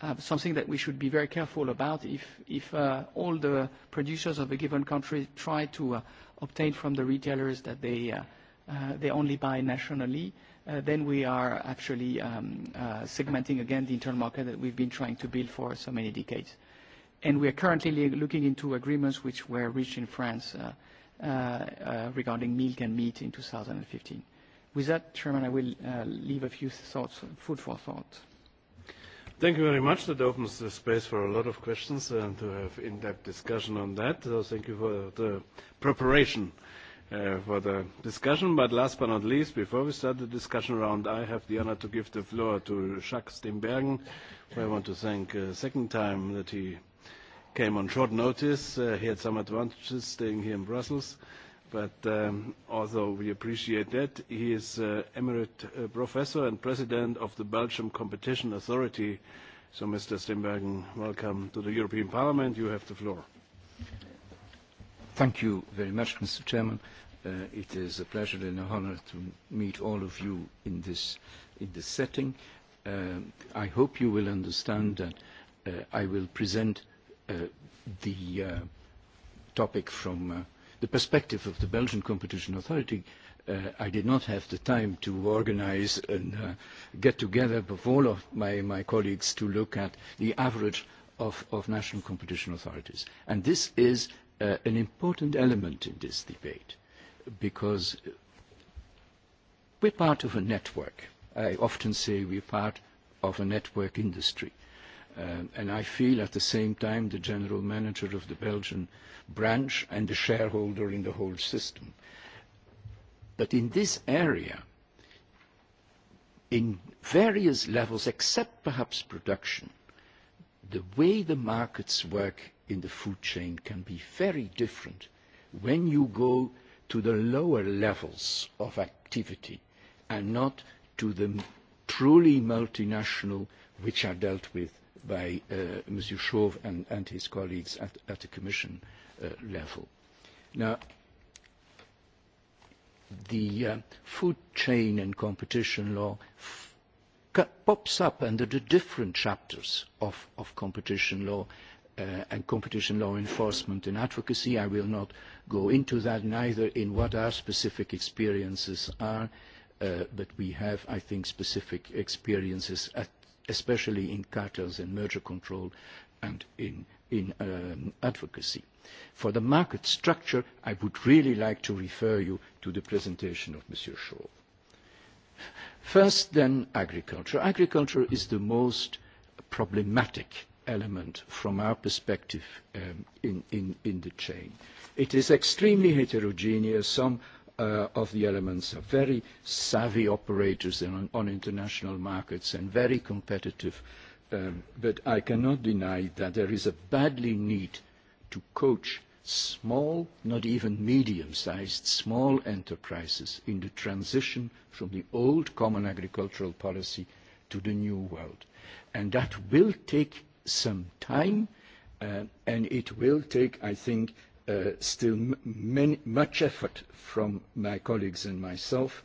uh, something that we should be very careful about. If all the producers of a given country try to obtain from the retailers that they only buy nationally, Uh, then we are actually um, uh, segmenting again the internal market that we've been trying to build for so many decades. And we are currently looking into agreements which were reached in France uh, uh, uh, regarding milk and meat in 2015. With that, Chairman, I will uh, leave a few thoughts, food for thought. Thank you very much. That opens the space for a lot of questions and to have in-depth discussion on that. So thank you for the preparation. Uh, for the discussion. But last but not least, before we start the discussion round, I have the honor to give the floor to Jacques Stimbergen, who I want to thank a uh, second time that he came on short notice. Uh, he had some advantages staying here in Brussels, but um, although we appreciate that, he is uh, emeritus uh, professor and president of the Belgium Competition Authority. So, Mr. Stimbergen, welcome to the European Parliament. You have the floor. Thank you very much, Mr. Chairman. Uh, it is a pleasure and an honor to meet all of you in this, in this setting. Uh, I hope you will understand that uh, I will present uh, the uh, topic from uh, the perspective of the Belgian Competition Authority. Uh, I did not have the time to organize and uh, get together with all of my, my colleagues to look at the average of, of national competition authorities. And this is uh, an important element in this debate because we're part of a network. I often say we're part of a network industry. Um, and I feel at the same time the general manager of the Belgian branch and the shareholder in the whole system. But in this area, in various levels, except perhaps production, the way the markets work in the food chain can be very different when you go to the lower levels of activity and not to the truly multinational which are dealt with by uh, Monsieur Chauve and, and his colleagues at, at the Commission uh, level. Now, the uh, food chain and competition law f- pops up under the different chapters of, of competition law uh, and competition law enforcement and advocacy. I will not go into that, neither in what our specific experiences are, uh, but we have, I think, specific experiences, at, especially in cartels and merger control and in, in um, advocacy. For the market structure, I would really like to refer you to the presentation of Mr. Shaw. First, then, agriculture. Agriculture is the most problematic uh, element from our perspective um, in, in, in the chain. It is extremely heterogeneous. Some uh, of the elements are very savvy operators in, on, on international markets and very competitive. Um, but I cannot deny that there is a badly need to coach small, not even medium-sized, small enterprises in the transition from the old common agricultural policy to the new world. And that will take some time, uh, and it will take, I think, uh, still much effort from my colleagues and myself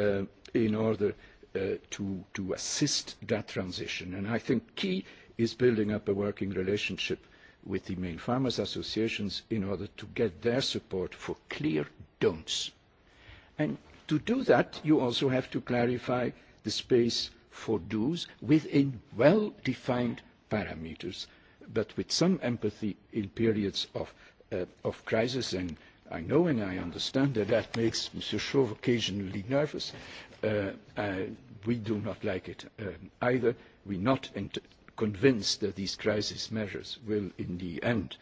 uh, in order to assist that transition. I think key is building up a working relationship with the main farmers associations in order to get their support for clear don'ts. To do that, you also have to clarify the space for do's within well-defined parameters, but with some empathy in periods of, uh, of crisis. And I know and I understand that that makes Mr. Chauve occasionally nervous. Uh, uh, we do not like it uh, either. We're not ent- convinced that these crisis measures will, in the end,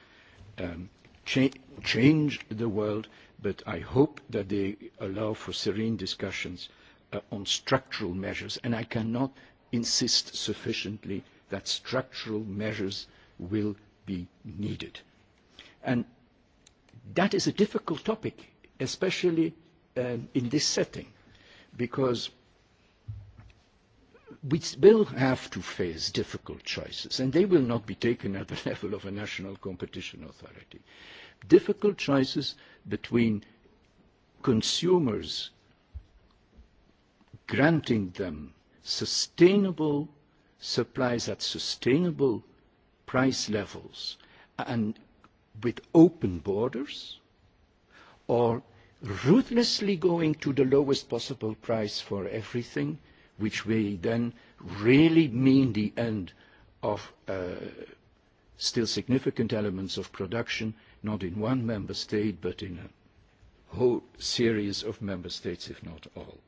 um, cha- change the world, but I hope that they allow for serene discussions uh, on structural measures. And I cannot insist sufficiently that structural measures will be needed. And that is a difficult topic, especially um, in this setting, because we will have to face difficult choices, and they will not be taken at the level of a national competition authority. Difficult choices between consumers granting them sustainable supplies at sustainable price levels and with open borders, or ruthlessly going to the lowest possible price for everything, which may then really mean the end of uh, still significant elements of production, not in one member state, but in a whole series of member states, if not all,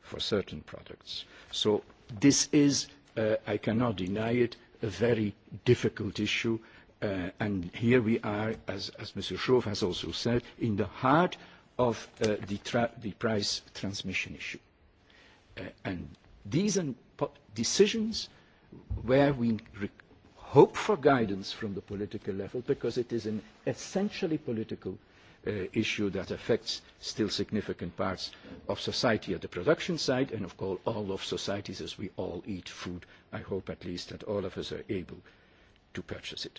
for certain products. So this is uh, I cannot deny it, a very difficult issue. Uh, and here we are, as, as Mr. Shove has also said, in the heart of uh, the, tra- the price transmission issue. Uh, and these un- po- decisions, where we re- hope for guidance from the political level, because it is an essentially political Uh, issue that affects still significant parts of society at the production side and of course all of societies as we all eat food. I hope at least that all of us are able to purchase it.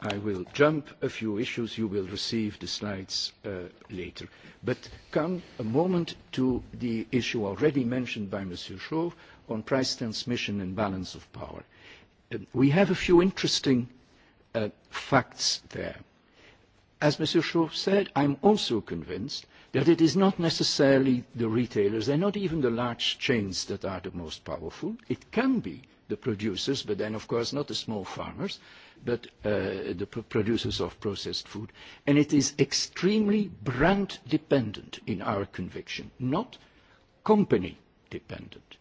I will jump a few issues. You will receive the slides uh, later. But come a moment to the issue already mentioned by Monsieur Chauve on price transmission and balance of power. Uh, we have a few interesting uh, facts there. As Mr. Shaw said, I'm also convinced that it is not necessarily the retailers, they're not even the large chains that are the most powerful. It can be the producers, but then, of course, not the small farmers, but uh, the pr- producers of processed food. And it is extremely brand dependent in our conviction, not company dependent.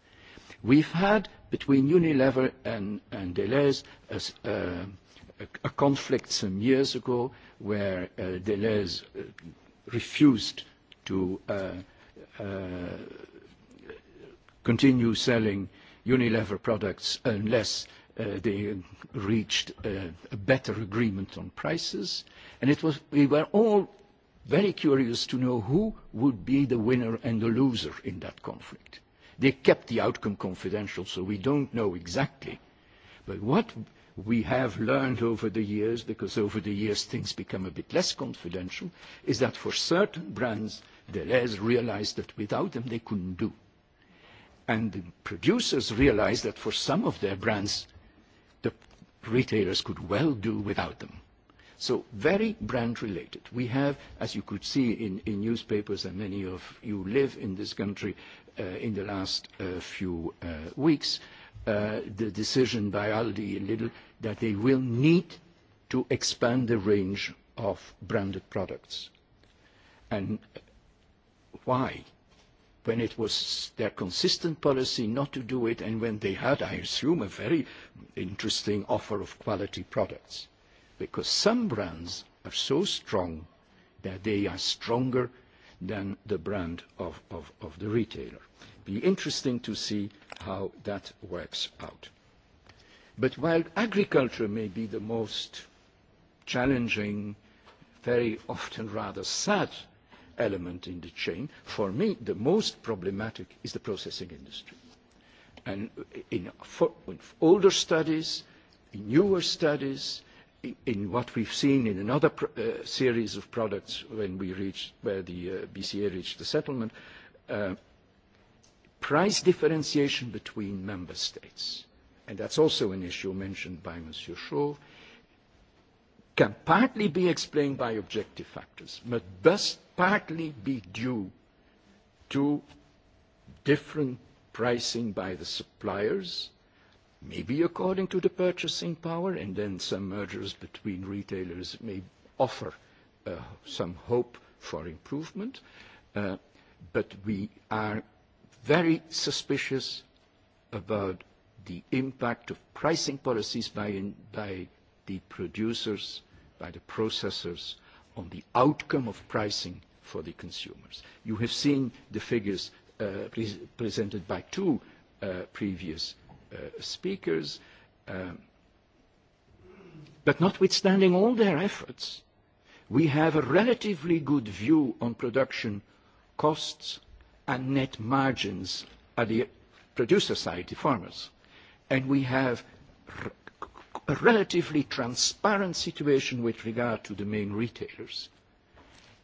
We've had between Unilever and, and Deleuze a, uh, a conflict some years ago where uh, Deleuze uh, refused to uh, uh, continue selling Unilever products unless uh, they reached uh, a better agreement on prices. And it was, we were all very curious to know who would be the winner and the loser in that conflict. They kept the outcome confidential, so we don't know exactly. But what we have learned over the years, because over the years things become a bit less confidential, is that for certain brands, Deleuze realized that without them, they couldn't do. The producers realized that for some of their brands, the retailers could well do without them. Very brand related. We have, as you could see in newspapers, and many of you live in this country, uh, in the last uh, few uh, weeks, Uh, the decision by Aldi and Lidl that they will need to expand the range of branded products. Why? When it was their consistent policy not to do it, and when they had, I assume, a very interesting offer of quality products. Because some brands are so strong that they are stronger than the brand of the retailer be interesting to see how that works out. But while agriculture may be the most challenging, very often rather sad element in the chain, for me the most problematic is the processing industry. And in, for, in older studies, in newer studies, in, in what we've seen in another pro, uh, series of products when we reached, where the uh, BCA reached the settlement, uh, price differentiation between member states, and that's also an issue mentioned by Monsieur Shaw, can partly be explained by objective factors, but must partly be due to different pricing by the suppliers, maybe according to the purchasing power, and then some mergers between retailers may offer uh, some hope for improvement. Uh, but we are very suspicious about the impact of pricing policies by, in, by the producers, by the processors, on the outcome of pricing for the consumers. You have seen the figures uh, pre presented by two uh, previous uh, speakers. Um, but notwithstanding all their efforts, we have a relatively good view on production costs and net margins at the producer side, the farmers. We have a relatively transparent situation with regard to the main retailers.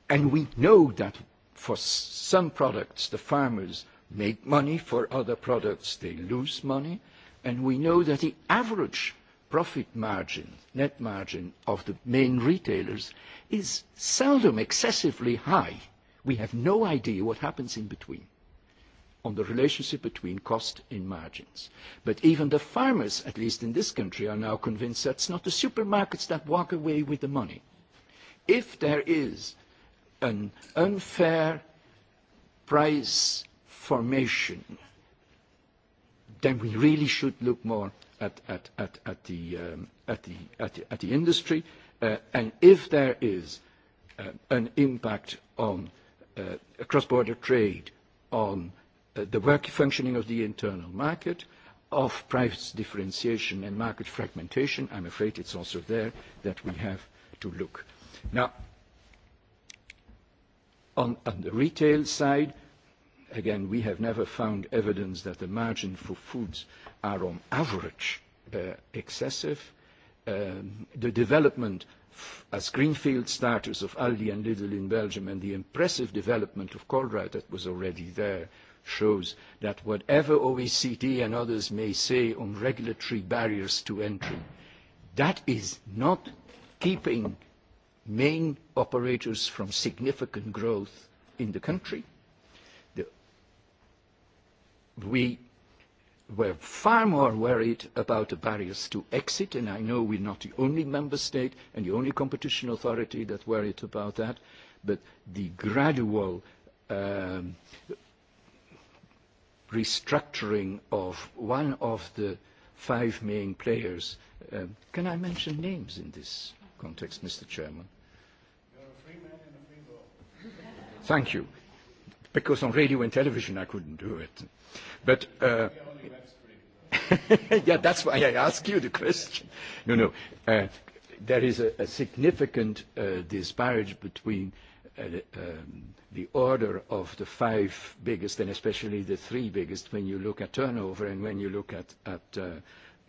We know that for some products, the farmers make money, for other products, they lose money. We know that the average profit margin, net margin of the main retailers is seldom excessively high we have no idea what happens in between on the relationship between cost and margins. But even the farmers, at least in this country, are now convinced that it's not the supermarkets that walk away with the money. If there is an unfair price formation, then we really should look more at, at, at, at, the, um, at, the, at, the, at the industry. Uh, and if there is uh, an impact on uh, cross-border trade on uh, the work functioning of the internal market, of price differentiation and market fragmentation. I'm afraid it's also there that we have to look. Now, on, on the retail side, again, we have never found evidence that the margin for foods are on average uh, excessive. Um, the development As greenfield starters of Aldi and Lidl in Belgium and the impressive development of Colruyt that was already there shows that whatever OECD and others may say on regulatory barriers to entry, that is not keeping main operators from significant growth in the country. We were far more worried about the barriers to exit, and I know we're not the only member state and the only competition authority that worried about that, but the gradual um, restructuring of one of the five main players. Um, can I mention names in this context, Mr. Chairman? You're a free man in a free world. Thank you because on radio and television I couldn't do it. But uh, yeah, that's why I ask you the question. No, no, uh, there is a, a significant uh, disparage between uh, um, the order of the five biggest and especially the three biggest when you look at turnover and when you look at at, uh,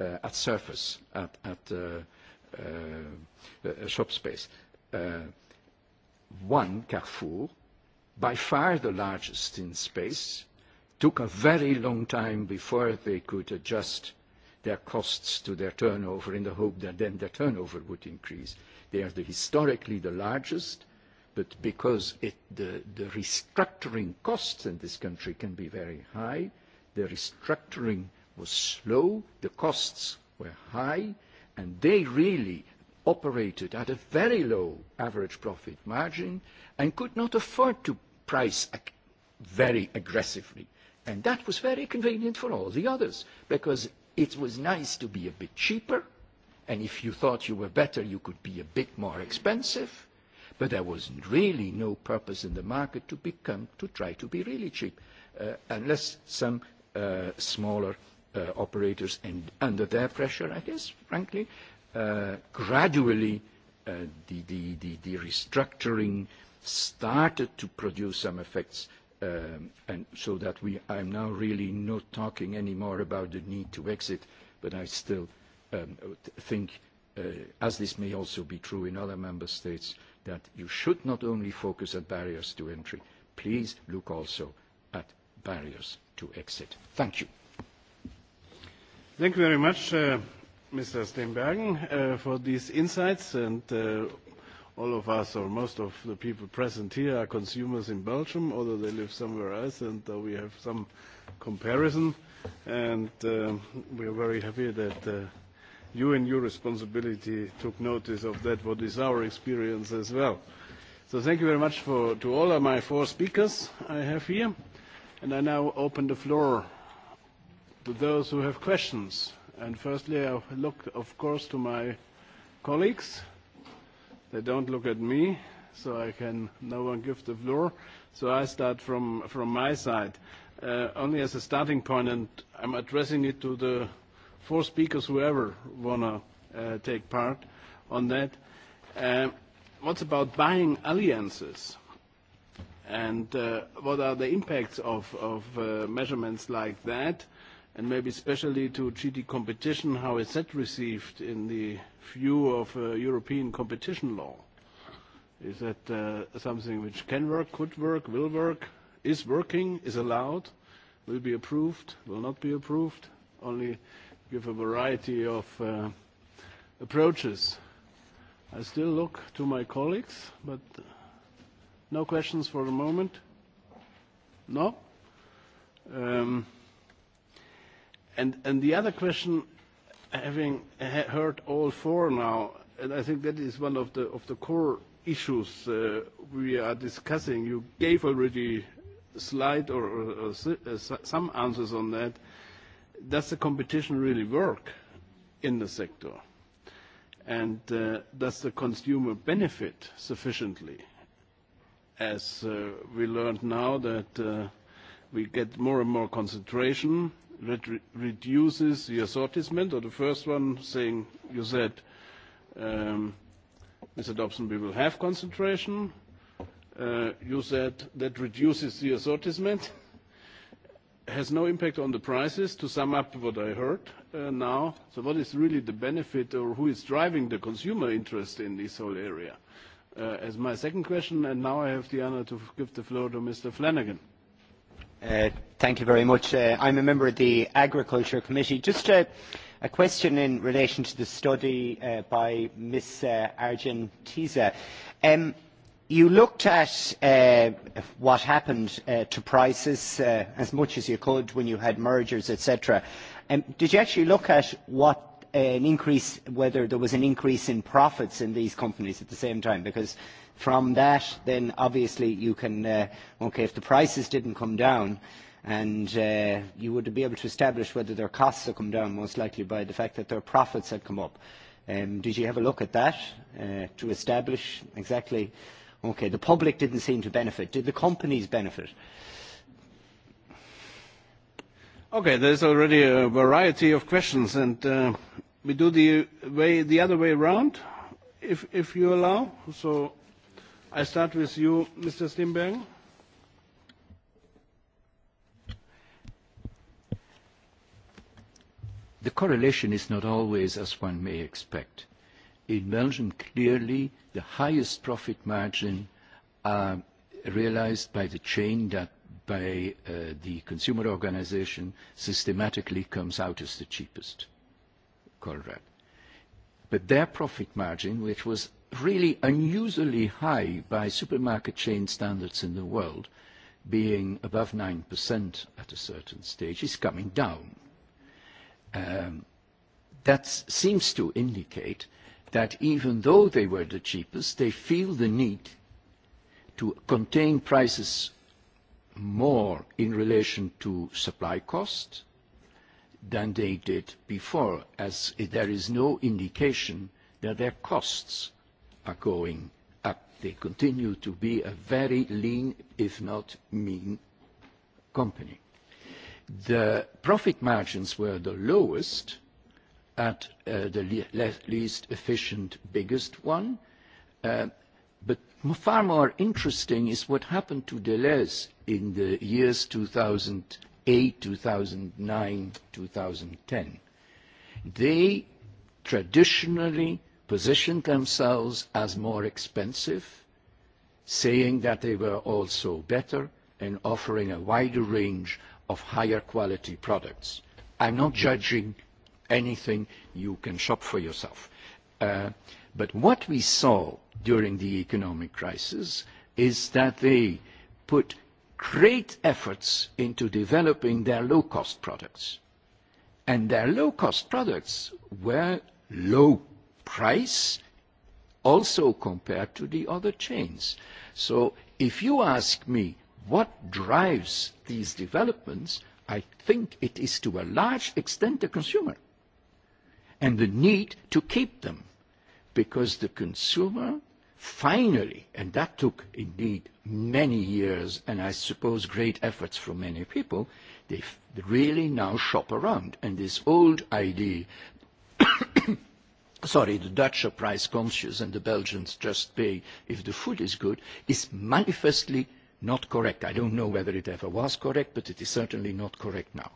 uh, at surface at, at uh, uh, uh, shop space. Uh, one Carrefour, uh, by far the largest in space, took a very long time before they could adjust their costs to their turnover in the hope that then their turnover would increase. They are historically the largest, but because the restructuring costs in this country can be very high, the restructuring was slow, the costs were high, and they really operated at a very low average profit margin and could not afford to price very aggressively. And that was very convenient for all the others because it was nice to be a bit cheaper. And if you thought you were better, you could be a bit more expensive. But there was really no purpose in the market to become, to try to be really cheap, uh, unless some uh, smaller uh, operators, and under their pressure, I guess, frankly, uh, gradually uh, the, the, the, the restructuring uh, started to produce some effects um, and so that we I'm now really not talking anymore about the need to exit but I still um, think uh, as this may also be true in other member states that you should not only focus at barriers to entry please look also at barriers to exit thank you thank you very much uh, mr steinbergen uh, for these insights and uh, all of us or most of the people present here are consumers in Belgium, although they live somewhere else, and uh, we have some comparison. And uh, we are very happy that uh, you and your responsibility took notice of that, what is our experience as well. So thank you very much for, to all of my four speakers I have here. And I now open the floor to those who have questions. And firstly, I look, of course, to my colleagues they don't look at me, so I can no one give the floor. So I start from my side. Uh, only as a starting point, and I'm addressing it to the four speakers, whoever wanna uh, take part on that. Um, what about buying alliances? And uh, what are the impacts of measurements like that? and maybe especially to treaty competition, how is that received in the view of uh, European competition law? Is that uh, something which can work, could work, will work, is working, is allowed, will be approved, will not be approved? Only give a variety of uh, approaches. I still look to my colleagues, but no questions for the moment. No? Um, And the other question, having heard all four now, and I think that is one of the core issues uh, we are discussing. You gave already a slide or uh, some answers on that. Does the competition really work in the sector? And uh, does the consumer benefit sufficiently? As we learned now that we get more and more concentration, reduces the assortment? Or the first one saying you said, Mr. Um, Dobson, we will have concentration. Uh, you said that reduces the assortment, has no impact on the prices, to sum up what I heard uh, now. So what is really the benefit or who is driving the consumer interest in this whole area? Uh, as my second question, and now I have the honor to give the floor to Mr. Flanagan. Uh, uh, i am a member of the committee on agriculture and rural development. i have a question in relation to the study uh, by ms argentina. Um, you looked at what happened to prices as much as you could when you had mergers etc. Um, did you actually look at whether there was an increase in profits in these companies at the same time because from that, then obviously you can, uh, okay, if the prices didn't come down, and uh, you would be able to establish whether their costs have come down, most likely by the fact that their profits had come up. Um, did you have a look at that uh, to establish exactly? Okay, the public didn't seem to benefit. Did the companies benefit? Okay, there's already a variety of questions, and uh, we do the way the other way around, if if you allow. So. I start with you, Mr. Stimberg. The correlation is not always as one may expect. In Belgium, clearly, the highest profit margin uh, realized by the chain that by uh, the consumer organization systematically comes out as the cheapest, Colorado. But their profit margin, which was really unusually high by supermarket chain standards in the world, being above 9% at a certain stage, is coming down. Um, that seems to indicate that even though they were the cheapest, they feel the need to contain prices more in relation to supply cost than they did before, as there is no indication that their costs are going up. They continue to be a very lean, if not mean, company. The profit margins were the lowest at uh, the least efficient, biggest one. Uh, far more interesting is what happened to Deleze in the years 2008, 2009, 2010. They traditionally positioned themselves as more expensive, saying that they were also better and offering a wider range of higher quality products. I'm not judging anything you can shop for yourself. Uh, but what we saw during the economic crisis is that they put great efforts into developing their low-cost products. And their low-cost products were low price also compared to the other chains. If you ask me what drives these developments, I think it is to a large extent the consumer and the need to keep them because the consumer finally, and that took indeed many years and I suppose great efforts from many people, they really now shop around. This old idea sorry, the Dutch are price conscious and the Belgians just pay if the food is good, is manifestly not correct. I don't know whether it ever was correct, but it is certainly not correct now.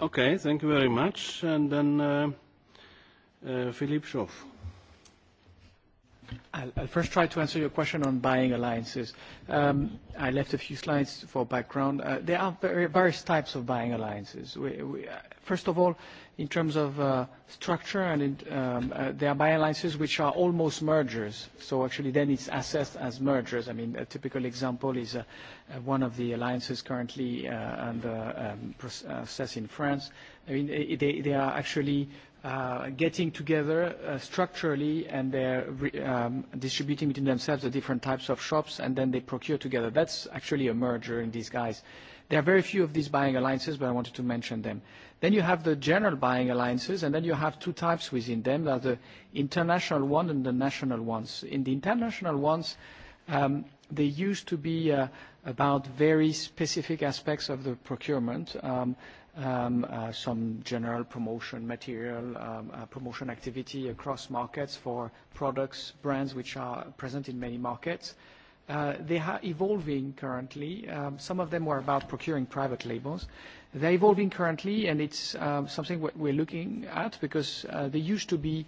Okay, thank you very much. And then uh, uh, Philippe Schoff. I'll, I'll first try to answer your question on buying alliances. Um, I left a few slides for background. Uh, there are very various types of buying alliances. We, we, uh, first of all, in terms of uh, structure, and in, um, uh, there are buying alliances which are almost mergers. So actually, then it's assessed as mergers. I mean, a typical example is uh, uh, one of the alliances currently uh, under um, process in France. I mean, they, they are actually uh, Uh, getting together uh, structurally and they're re um, distributing between themselves the different types of shops and then they procure together. That's actually a merger in disguise. There are very few of these buying alliances, but I wanted to mention them. Then you have the general buying alliances, and then you have two types within them, that are the international one and the national ones. In the international ones, um, they used to be uh, about very specific aspects of the procurement. Um, uh, Um, uh, some general promotion material, um, uh, promotion activity across markets for products, brands which are present in many markets. Uh, they are evolving currently. Um, some of them were about procuring private labels. They're evolving currently, and it's something what we're looking at because they used to be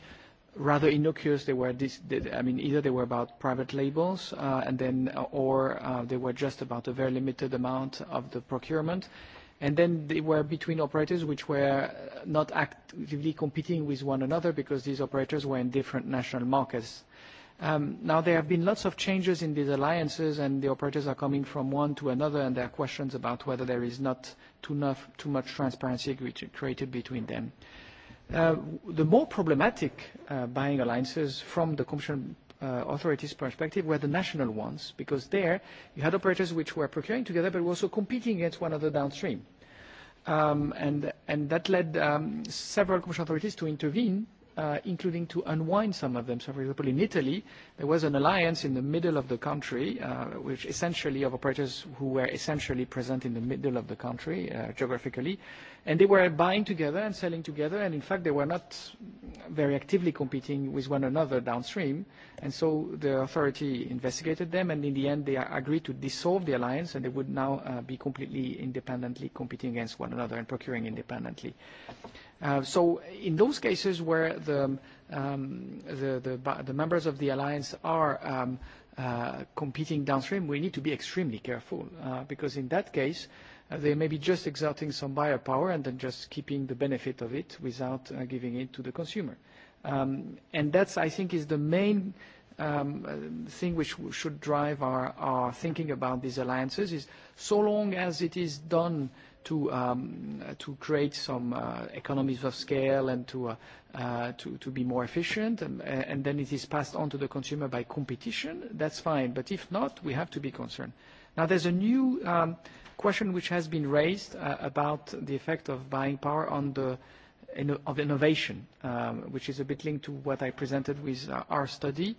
rather innocuous. They were I mean, either they were about private labels, and then or they were just about a very limited amount of the procurement. Then they were between operators which were not actively competing with one another because these operators were in different national markets. Um, now there have been lots of changes in these alliances, and the operators are coming from one to another, and there are questions about whether there is not too much transparency created between them. Uh, the more problematic uh, buying alliances from the competition Uh, authorities' perspective were the national ones, because there you had operators which were procuring together, but were also competing against one another downstream. Um, that led um, several commercial authorities to intervene Uh, including to unwind some of them. For example, in Italy, there was an alliance in the middle of the country, uh, which essentially of operators who were essentially present in the middle of the country, uh, geographically. They were buying together and selling together, and in fact, they were not very actively competing with one another downstream. The authority investigated them, and in the end, they agreed to dissolve the alliance, and they would now be completely independently competing against one another and procuring independently. Uh, so in those cases where the um, um, members of the alliance are um, uh, competing downstream, we need to be extremely careful, uh, because in that case, they may be just exerting some buyer power and then just keeping the benefit of it without giving it to the consumer. And that's, I think, is the main thing which should drive our thinking about these alliances, is so long as it is done Um, to create some uh, economies of scale and to uh, uh, be more efficient, and then it is passed on to the consumer by competition, that's fine. If not, we have to be concerned. Now, there's a new um, question which has been raised about the effect of buying power on the innovation, um, which is a bit linked to what I presented with our study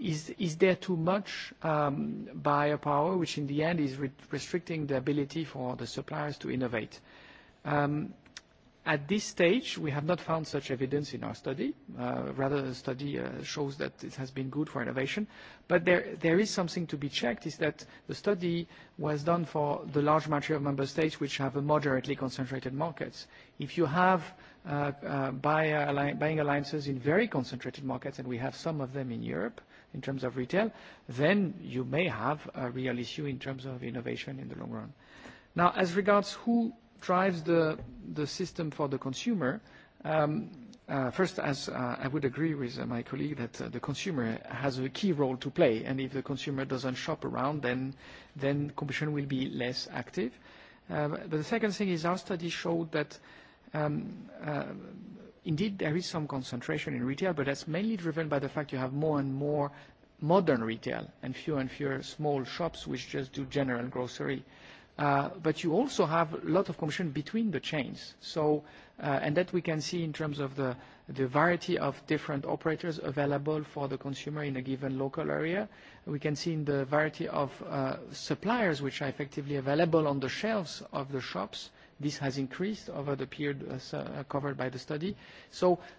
is there too much um, buyer power, which in the end is restricting the ability for the suppliers to innovate? Um, at this stage, we have not found such evidence in our study. Uh, rather, the study uh, shows that it has been good for innovation. There is something to be checked, is that the study was done for the large mature member states, which have a moderately concentrated markets. If you have uh, buying alliances in very concentrated markets, and we have some of them in Europe, in terms of retail, then you may have a real issue in terms of innovation in the long run. Now, as regards who drives the, the system for the consumer, um, uh, first, as uh, I would agree with uh, my colleague, that uh, the consumer has a key role to play, and if the consumer doesn't shop around, then, then competition will be less active. Uh, but the second thing is our study showed that um, uh, Indeed, there is some concentration in retail, but that's mainly driven by the fact you have more and more modern retail and fewer and fewer small shops which just do general grocery. Uh, but you also have a lot of competition between the chains. Uh, and that we can see in terms of the variety of different operators available for the consumer in a given local area. We can see in the variety of uh, suppliers which are effectively available on the shelves of the shops this has increased over the period uh, uh, covered by the study.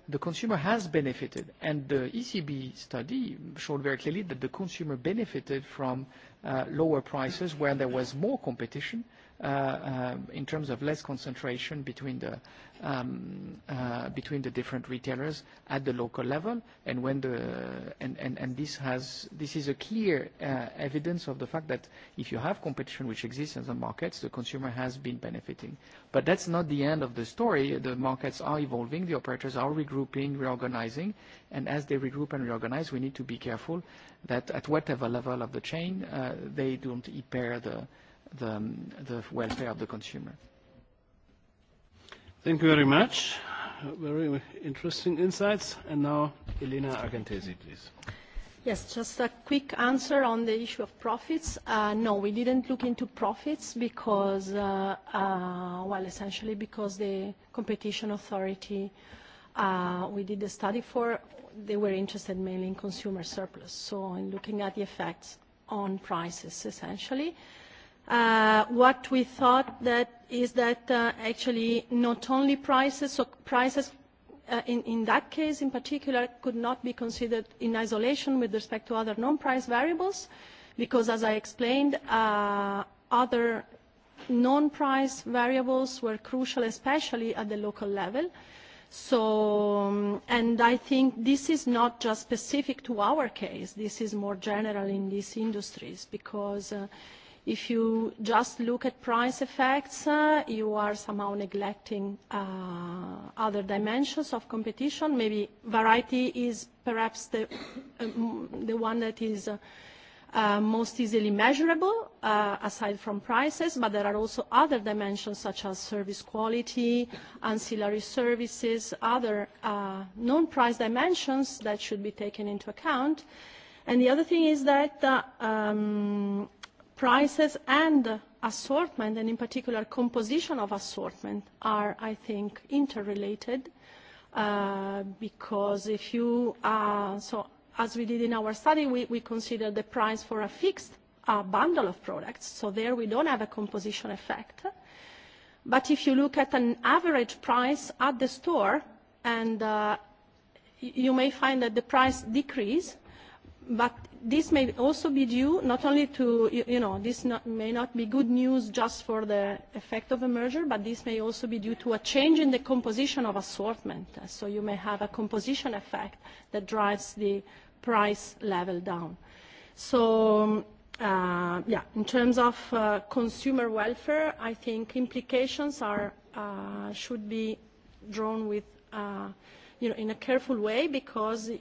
The consumer has benefited, and the ECB study showed very clearly that the consumer benefited from uh, lower prices where there was more competition, Uh, uh, in terms of less concentration um, uh, between the different retailers at the local level. This is a clear evidence of the fact that if you have competition which exists in the markets, the consumer has been benefiting. That's not the end of the story. The markets are evolving, the operators are regrouping, reorganizing, and as they regroup and reorganize, we need to be careful that at whatever level of the chain, they don't impair the the, um, the welfare of the consumer. Thank you very much. Very interesting insights. And now, Elena Argentesi, please. Yes, just a quick answer on the issue of profits. Uh, no, we didn't look into profits because, uh, uh, well, essentially because the competition authority uh, we did the study for, they were interested mainly in consumer surplus. So in looking at the effects on prices, essentially. Uh, Uh, what we thought that is that uh, actually not only prices, so prices uh, in that case in particular could not be considered in isolation with respect to other non-price variables because, as I explained, other non-price variables were crucial, especially at the local level. So um, and I think this is not just specific to our case. This is more general in these industries because if you just look at price effects, uh, you are somehow neglecting uh, other dimensions of competition. Maybe variety is perhaps the um, one that is uh, most easily measurable, aside from prices, but there are also other dimensions, such as service quality, ancillary services, other non-price dimensions that should be taken into account. And the other thing is that um, prices and assortment, and in particular, composition of assortment, are, I think, interrelated. Uh, because if you are, uh, so as we did in our study, we consider the price for a fixed uh, bundle of products, so there we don't have a composition effect. But if you look at an average price at the store, and you may find that the price decrease, but this may also be due not only to you, you know this not, may not be good news just for the effect of a merger, but this may also be due to a change in the composition of assortment. So you may have a composition effect that drives the price level down. So. Um, uh, yeah, in terms of uh, consumer welfare, I think implications are uh, should be drawn with, uh, you know, in a careful way because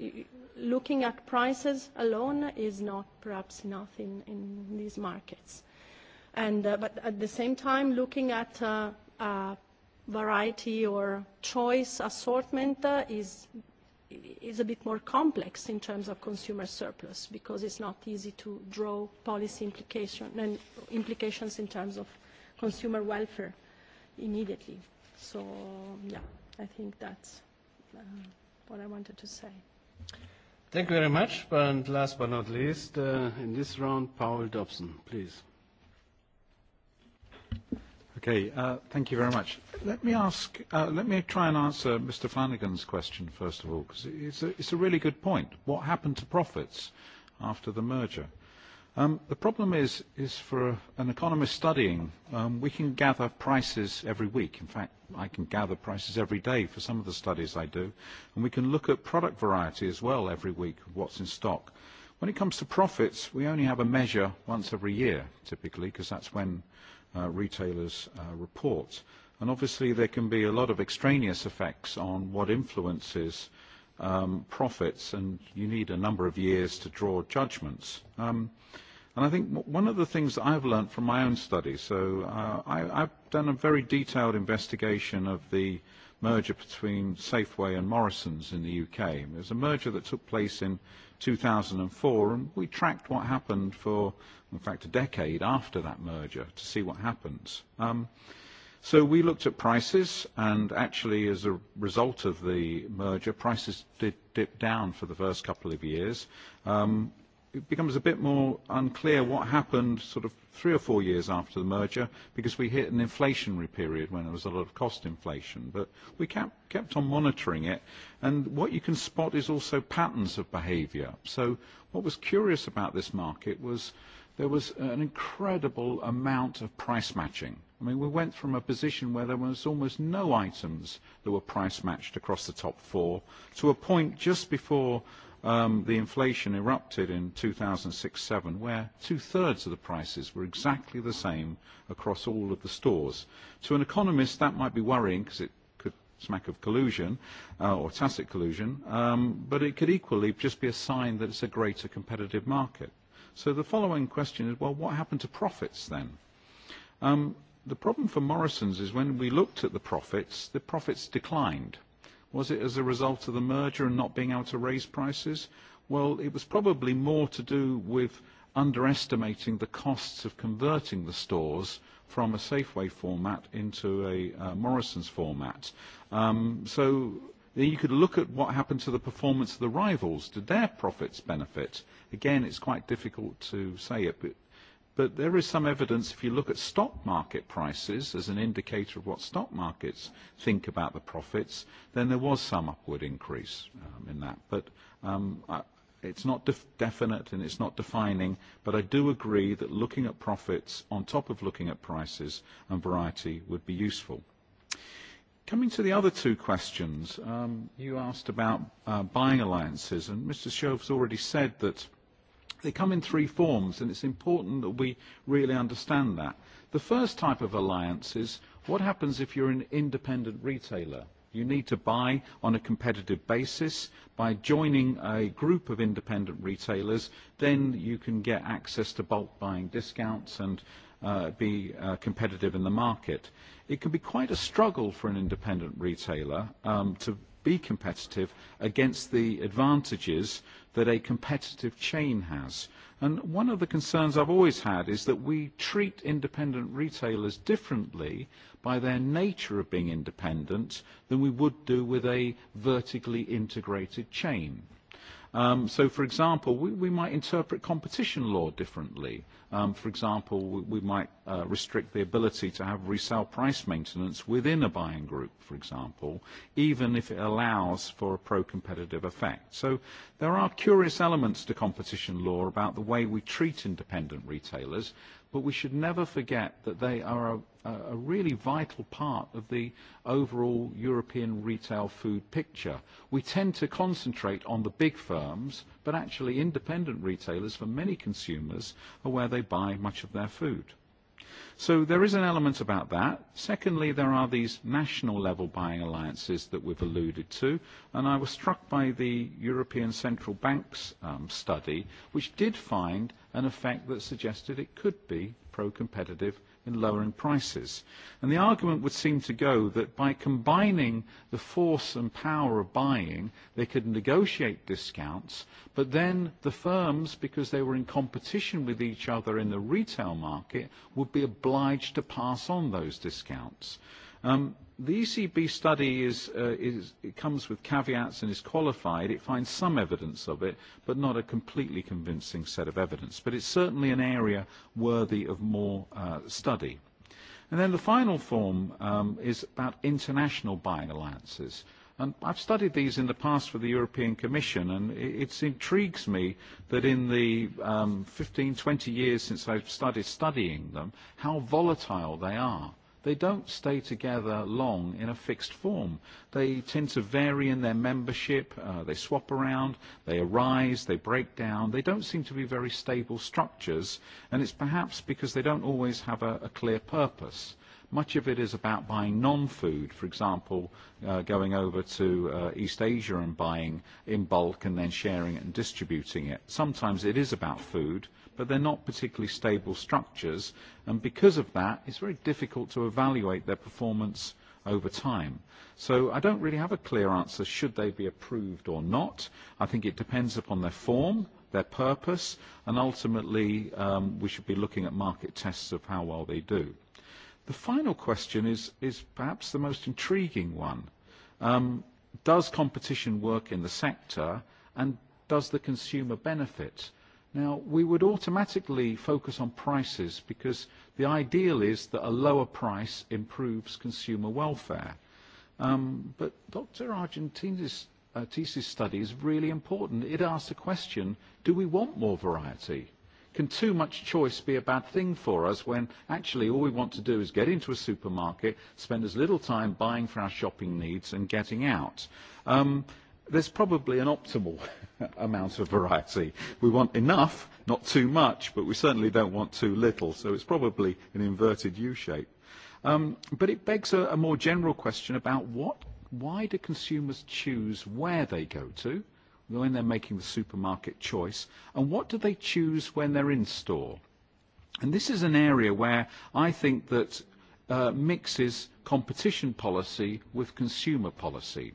looking at prices alone is not perhaps enough in these markets. Uh, at the same time, looking at uh, a variety or choice assortment uh, is a bit more complex in terms of consumer surplus because it's not easy to draw policy implication and implications in terms of consumer welfare immediately. Yeah, I think that's what I wanted to say. Thank you very much. Last but not least, uh, in this round, Paul Dobson, please. Okay, uh, thank you very much. Let me ask, uh, let me try and answer Mr. Flanagan's question first of all, 'cause it's a really good point. What happened to profits after the merger? Um, the problem is, is for a, an economist studying, um, we can gather prices every week. In fact, I can gather prices every day for some of the studies I do. And we can look at product variety as well every week, what's in stock. When it comes to profits, we only have a measure once every year, typically, because that's when uh, retailers uh, report. And obviously, there can be a lot of extraneous effects on what influences uh, um, prophets, and you need a number of years to draw judgments. Um, and I think one of the things that I've learned from my own study, so uh, I, I've done a very detailed investigation of the merger between Safeway and Morrison's in the UK. It was a merger that took place in 2004, and we tracked what happened for, in fact, a decade after that merger to see what happens. Um, We looked at prices, and actually, as a result of the merger, prices did dip down for the first couple of years. Um, it becomes a bit more unclear what happened sort of three or four years after the merger because we hit an inflationary period when there was a lot of cost inflation. We kept on monitoring it, and what you can spot is also patterns of behavior. What was curious about this market was there was an incredible amount of price matching. I mean, we went from a position where there was almost no items that were price matched across the top four to a point just before um, the inflation erupted in 2006-2007, where two-thirds of the prices were exactly the same across all of the stores. To an economist, that might be worrying because it could smack of collusion uh, or tacit collusion, um, but it could equally just be a sign that it's a greater competitive market. So the following question is, well, what happened to profits then? Um, the problem for Morrison's is when we looked at the profits, the profits declined. Was it as a result of the merger and not being able to raise prices? Well, it was probably more to do with underestimating the costs of converting the stores from a Safeway format into a uh, Morrison's format. Um, so then you could look at what happened to the performance of the rivals. Did their profits benefit? Again, it's quite difficult to say it, but But there is some evidence if you look at stock market prices as an indicator of what stock markets think about the profits, then there was some upward increase um, in that. But um, I, it's not def- definite and it's not defining. But I do agree that looking at profits on top of looking at prices and variety would be useful. Coming to the other two questions, um, you asked about uh, buying alliances. And Mr. Shove's already said that they come in three forms, and it's important that we really understand that. The first type of alliance is what happens if you're an independent retailer? You need to buy on a competitive basis. By joining a group of independent retailers, then you can get access to bulk buying discounts and uh, be uh, competitive in the market. It can be quite a struggle for an independent retailer um, to be competitive against the advantages that a competitive chain has. And one of the concerns I've always had is that we treat independent retailers differently by their nature of being independent than we would do with a vertically integrated chain. Um, so, for example, we, we might interpret competition law differently. Um, for example, we, we might Uh, restrict the ability to have resale price maintenance within a buying group, for example, even if it allows for a pro-competitive effect. So there are curious elements to competition law about the way we treat independent retailers, but we should never forget that they are a, a really vital part of the overall European retail food picture. We tend to concentrate on the big firms, but actually independent retailers for many consumers are where they buy much of their food. So there is an element about that. Secondly, there are these national level buying alliances that we've alluded to. And I was struck by the European Central Bank's um, study, which did find an effect that suggested it could be pro-competitive in lowering prices. And the argument would seem to go that by combining the force and power of buying, they could negotiate discounts, but then the firms, because they were in competition with each other in the retail market, would be obliged to pass on those discounts. Um, the ECB study is, uh, is, it comes with caveats and is qualified. It finds some evidence of it, but not a completely convincing set of evidence. But it's certainly an area worthy of more uh, study. And then the final form um, is about international buying alliances. And I've studied these in the past for the European Commission, and it intrigues me that in the um, 15, 20 years since I've started studying them, how volatile they are they don't stay together long in a fixed form. They tend to vary in their membership, uh, they swap around, they arise, they break down. They don't seem to be very stable structures, and it's perhaps because they don't always have a, a clear purpose. Much of it is about buying non-food, for example, uh, going over to uh, East Asia and buying in bulk and then sharing it and distributing it. Sometimes it is about food but they're not particularly stable structures. And because of that, it's very difficult to evaluate their performance over time. So I don't really have a clear answer should they be approved or not. I think it depends upon their form, their purpose, and ultimately um, we should be looking at market tests of how well they do. The final question is, is perhaps the most intriguing one. Um, does competition work in the sector and does the consumer benefit? Now, we would automatically focus on prices because the ideal is that a lower price improves consumer welfare. Um, but Dr. Argentides's uh, study is really important. It asked the question: Do we want more variety? Can too much choice be a bad thing for us, when actually all we want to do is get into a supermarket, spend as little time buying for our shopping needs, and getting out? Um, there's probably an optimal amount of variety. We want enough, not too much, but we certainly don't want too little. So it's probably an inverted U shape. Um, but it begs a, a more general question about what, why do consumers choose where they go to when they're making the supermarket choice, and what do they choose when they're in store? And this is an area where I think that uh, mixes competition policy with consumer policy.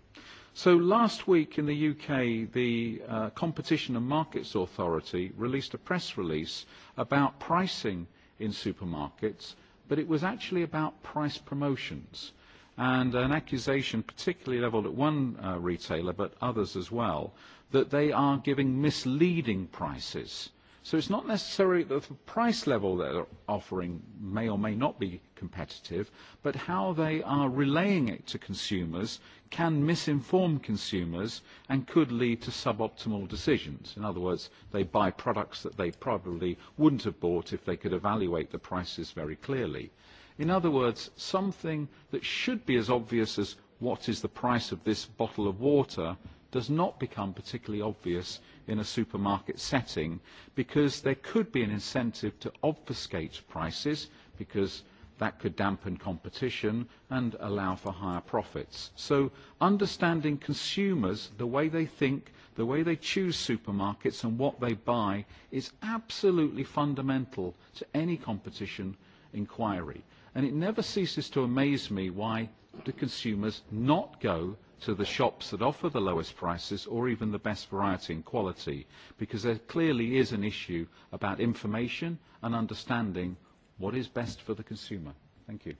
Last week in the U.K., the uh, Competition and Markets Authority released a press release about pricing in supermarkets, but it was actually about price promotions and an accusation particularly leveled at one uh, retailer, but others as well, that they are giving misleading prices. It's not necessarily the price level they're offering may or may not be competitive, but how they are relaying it to consumers can misinform consumers and could lead to suboptimal decisions. In other words, they buy products that they probably wouldn't have bought if they could evaluate the prices very clearly. In other words, something that should be as obvious as what is the price of this bottle of water does not become particularly obvious in a supermarket setting because there could be an incentive to obfuscate prices because that could dampen competition and allow for higher profits. So understanding consumers, the way they think, the way they choose supermarkets and what they buy is absolutely fundamental to any competition inquiry. And it never ceases to amaze me why do consumers not go to the shops that offer the lowest prices or even the best variety and quality because there clearly is an issue about information and understanding what is best for the consumer. Thank you.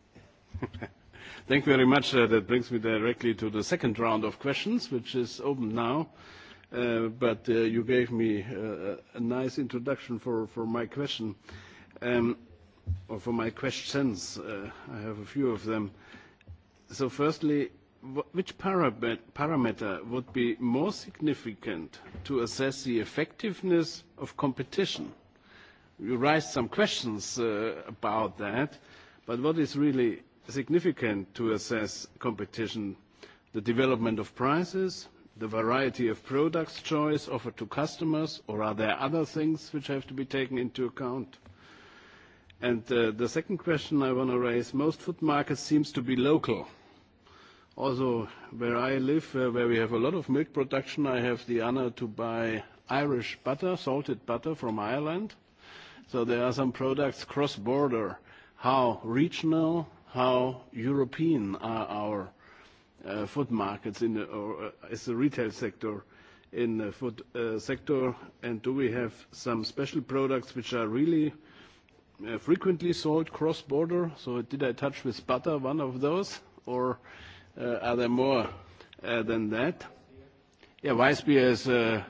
Thank you very much. Uh, that brings me directly to the second round of questions, which is open now. Uh, but uh, you gave me uh, a nice introduction for, for my question, um, or for my questions. Uh, I have a few of them. So firstly, which parameter would be more significant to assess the effectiveness of competition? You raised some questions uh, about that, but what is really significant to assess competition? The development of prices, the variety of products choice offered to customers, or are there other things which have to be taken into account? And uh, the second question I want to raise, most food markets seems to be local. Okay also where I live, uh, where we have a lot of milk production, I have the honor to buy Irish butter, salted butter from Ireland. So there are some products cross-border. How regional, how European are our uh, food markets in the, or uh, is the retail sector in the food uh, sector? And do we have some special products which are really uh, frequently sold cross-border? So did I touch with butter one of those? or? Eh, are there more eh, than that? Yeah, Weissbier is, uh,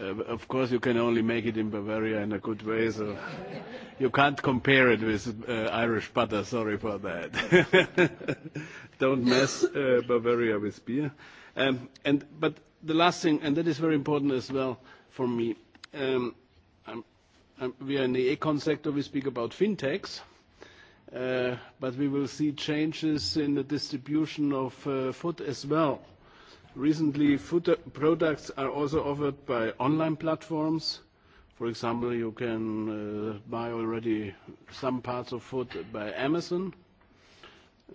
uh, of course, you can only make it in Bavaria in a good way, so you can't compare it with uh, Irish butter. Sorry for that. Don't mess uh, Bavaria with beer. Um, and, but the last thing, and that is very important as well for me. Um, I'm, I'm, we are in the econ sector. We speak about fintechs. Uh, but we will see changes in the distribution of uh, food as well. Recently, food products are also offered by online platforms. For example, you can uh, buy already some parts of food by Amazon.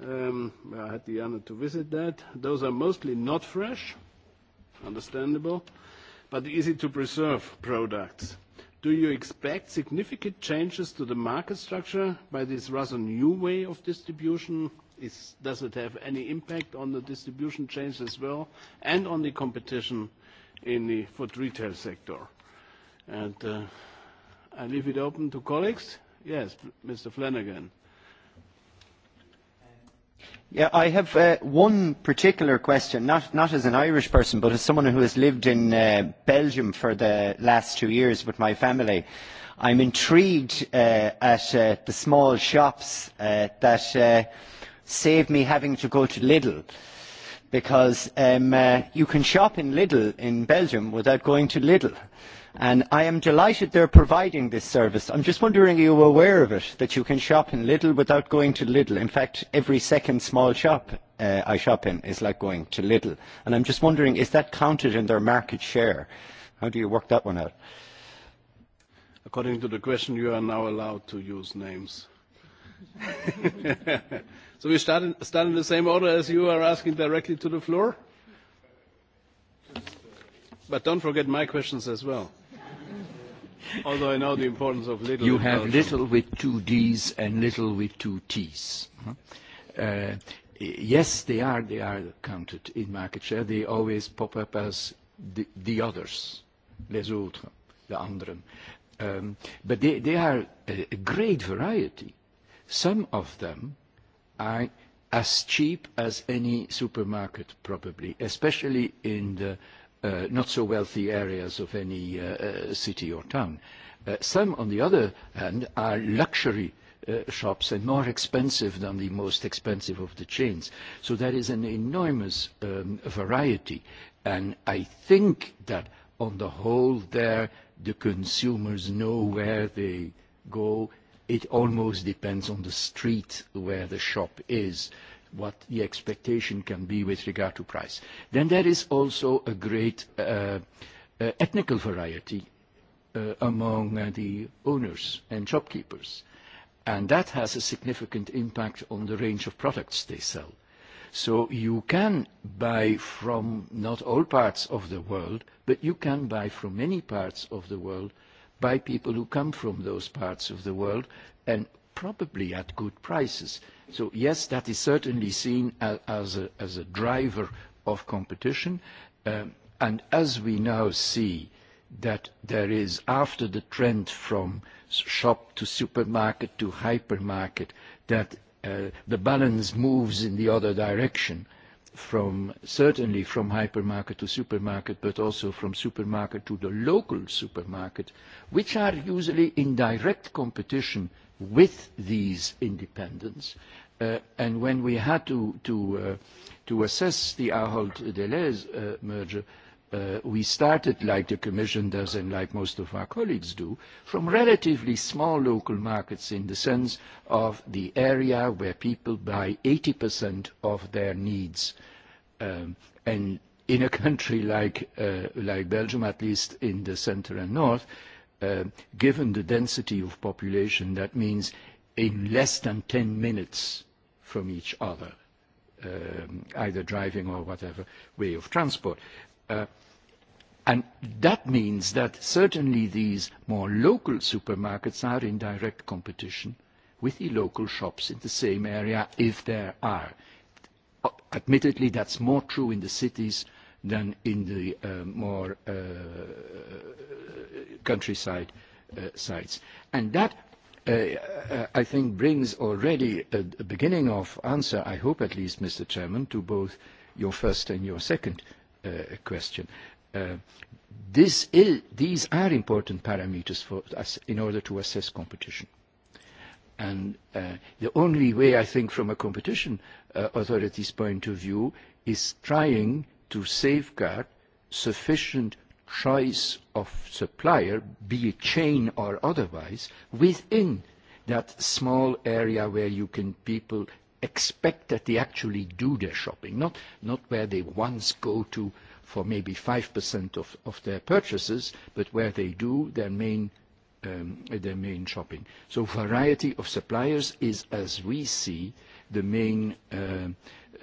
Um, I had the honor to visit that. Those are mostly not fresh, understandable, but easy to preserve products. Do you expect significant changes to the market structure by this rather new way of distribution? Does it have any impact on the distribution chains as well and on the competition in the food retail sector? Uh, I leave it open to colleagues. Yes, Mr. Flanagan i have uh, one particular question not as an irish person but as someone who has lived in uh, belgium for the last two years with my family. i am intrigued uh, at the small shops that save me having to go to lidl because um, you can shop in lidl in belgium without going to lidl and I am delighted they're providing this service. I'm just wondering, are you aware of it, that you can shop in Lidl without going to Lidl? In fact, every second small shop uh, I shop in is like going to Lidl. And I'm just wondering, is that counted in their market share? How do you work that one out? According to the question, you are now allowed to use names. so we start in, start in the same order as you are asking directly to the floor? But don't forget my questions as well. although I know the importance of little. You have motion. little with two D's and little with two T's. Uh, yes, they are, they are counted in market share. They always pop up as the, the others, les autres, the anderen. Um, but they, they are a, a great variety. Some of them are as cheap as any supermarket, probably, especially in the uh, uh, not so wealthy areas of any uh, uh, city or town. Uh, some, on the other hand, are luxury uh, shops and more expensive than the most expensive of the chains. So there is an enormous um, variety. And I think that on the whole there, the consumers know where they go. It almost depends on the street where the shop is. Uh, what the expectation can be with regard to price. Then there is also a great uh, uh, ethnical variety uh, among uh, the owners and shopkeepers. And that has a significant impact on the range of products they sell. So you can buy from not all parts of the world, but you can buy from many parts of the world by people who come from those parts of the world and probably at good prices. Yes, that is certainly seen as a driver of competition. Um, as we now see that there is, after the trend from shop to supermarket to hypermarket, that uh, the balance moves in the other direction, certainly from hypermarket to supermarket, but also from supermarket to the local supermarket, which are usually in direct competition with these independents. Uh, and when we had to, to, uh, to assess the Ahold Deleuze uh, merger, uh, we started, like the Commission does and like most of our colleagues do, from relatively small local markets in the sense of the area where people buy 80% of their needs. Um, and in a country like, uh, like Belgium, at least in the center and north, uh, Um, given the density of population, that means in less than 10 minutes from each other, uh, either driving or whatever way of transport. Uh, and that means that certainly these more local supermarkets are in direct competition with the local shops in the same area, if there are. Admittedly, that's more true in the cities than in the uh, more uh, countryside uh, sites. And that, uh, uh, I think, brings already a, a beginning of answer, I hope at least, Mr. Chairman, to both your first and your second uh, question. Uh, this is, these are important parameters for us in order to assess competition. And uh, the only way, I think, from a competition uh, authority's point of view is trying to safeguard sufficient choice of supplier, be it chain or otherwise, within that small area where you can people expect that they actually do their shopping, not, not where they once go to for maybe 5% of, of their purchases, but where they do their main, um, their main shopping. So variety of suppliers is, as we see, the main uh,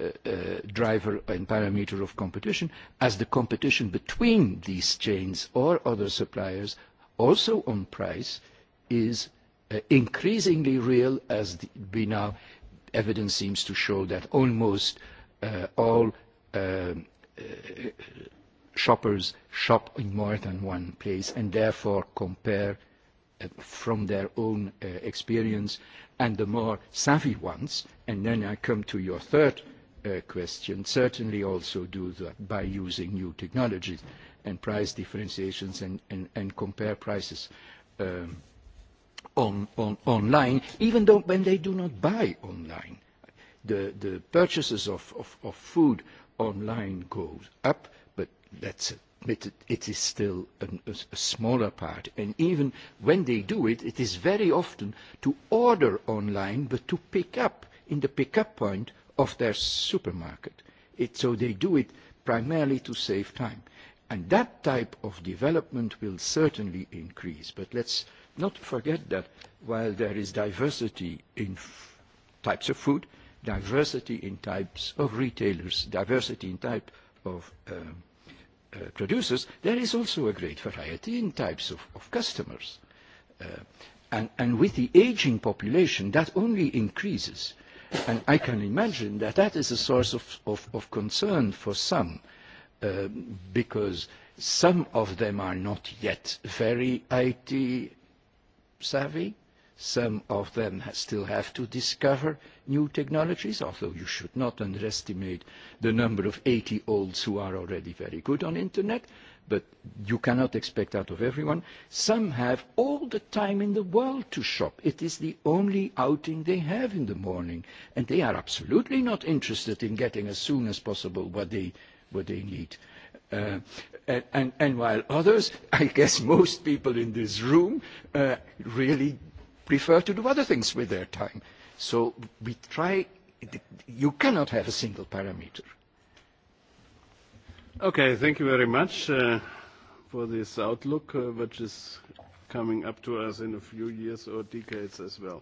Uh, uh, driver and parameter of competition as the competition between these chains or other suppliers also on price is uh, increasingly real as the, we now evidence seems to show that almost uh, all uh, uh, shoppers shop in more than one place and therefore compare uh, from their own uh, experience and the more savvy ones, and then I come to your third uh, Uh, question, certainly also do that by using new technologies and price differentiations and compare prices um, online, even though when they do not buy online, the purchases of food online goes up, but that's it. It is still a smaller part. Even when they do it is very often to order online, but to pick up in the pickup point of their supermarket. So they do it primarily to save time. And that type of development will certainly increase. But let's not forget that while there is diversity in types of food, diversity in types of retailers, diversity in type of um, uh, producers, there is also a great variety in types of customers. Uh, and with the aging population, that only increases. And I can imagine that that is a source of, of, of concern for some, uh, because some of them are not yet very IT savvy, uh, Some of them ha still have to discover new technologies, although you should not underestimate the number of 80-olds who are already very good on Internet, but you cannot expect out of everyone. Some have all the time in the world to shop. It is the only outing they have in the morning, and they are absolutely not interested in getting as soon as possible what they, what they need. Uh, and, and, and while others, I guess most people in this room, uh, really prefer to do other things with their time. So we try, you cannot have a single parameter. Okay, thank you very much uh, for this outlook, uh, which is coming up to us in a few years or decades as well.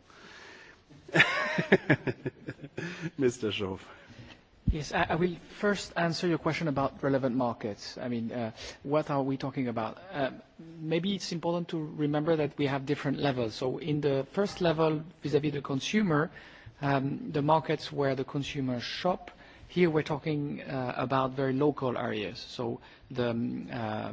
Mr. Schoff. Yes, I will first answer your question about relevant markets. I mean, uh, what are we talking about? Um, maybe it's important to remember that we have different levels. So in the first level, vis-à-vis the consumer, um, the markets where the consumers shop, here we're talking uh, about very local areas. So the um, uh,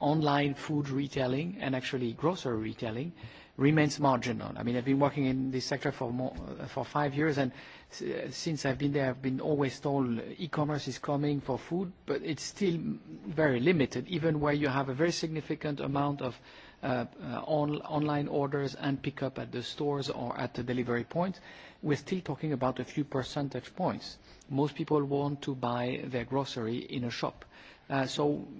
online food retailing and actually grocery retailing, remains marginal. I mean, I've been working in this sector for more for five years, and since I've been there, I've been always told e-commerce is coming for food, but it's still very limited, even where you have a very significant amount of uh, uh, online orders and pickup at the stores or at the delivery point. We're still talking about a few percentage points. Most people want to buy their grocery in a shop. Uh,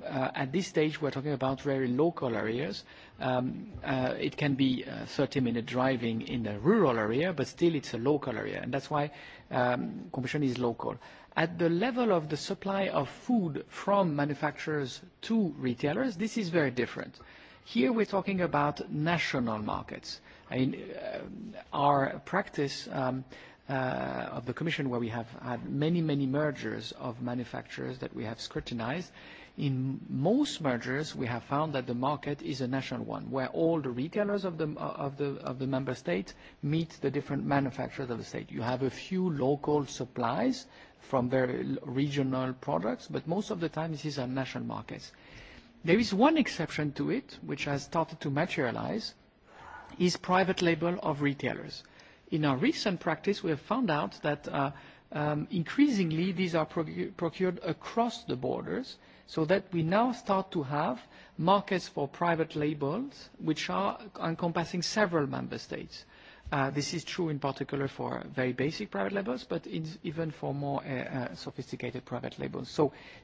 uh, at this stage, we're talking about very local areas. Um, uh, it can be 30-minute driving in a rural area, but still it's a local area, and that's why um, competition is local. At the level of the supply of food from manufacturers to retailers, this is very different. Here we're talking about national markets. Our practice um, Uh, of the Commission where we have had many, many mergers of manufacturers that we have scrutinized. In most mergers, we have found that the market is a national one, where all the retailers of the, uh, of the, of the member state meet the different manufacturers of the state. You have a few local supplies from very regional products, but most of the time this is on national markets. There is one exception to it, which has started to materialize, is private label of retailers. In our recent practice, we have found out that uh, um, increasingly these are procured across the borders, so that we now start to have markets for private labels, which are encompassing several member states. Uh, this is true in particular for very basic private labels, but it's even for more uh, sophisticated private labels.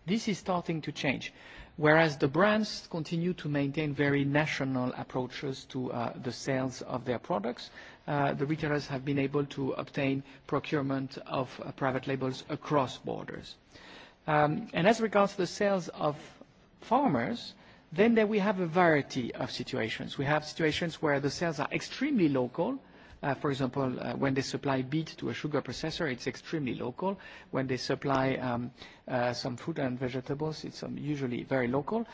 This is starting to change whereas the brands continue to maintain very national approaches to uh, the sales of their products. Uh, the retailers have been able to obtain procurement of uh, private labels across borders. Um, as regards to the sales of farmers, then there we have a variety of situations. We have situations where the sales are extremely local, Uh, for example, uh, when they supply beet to a sugar processor, it's extremely local. When they supply um, uh, some fruit and vegetables, it's um, usually very local.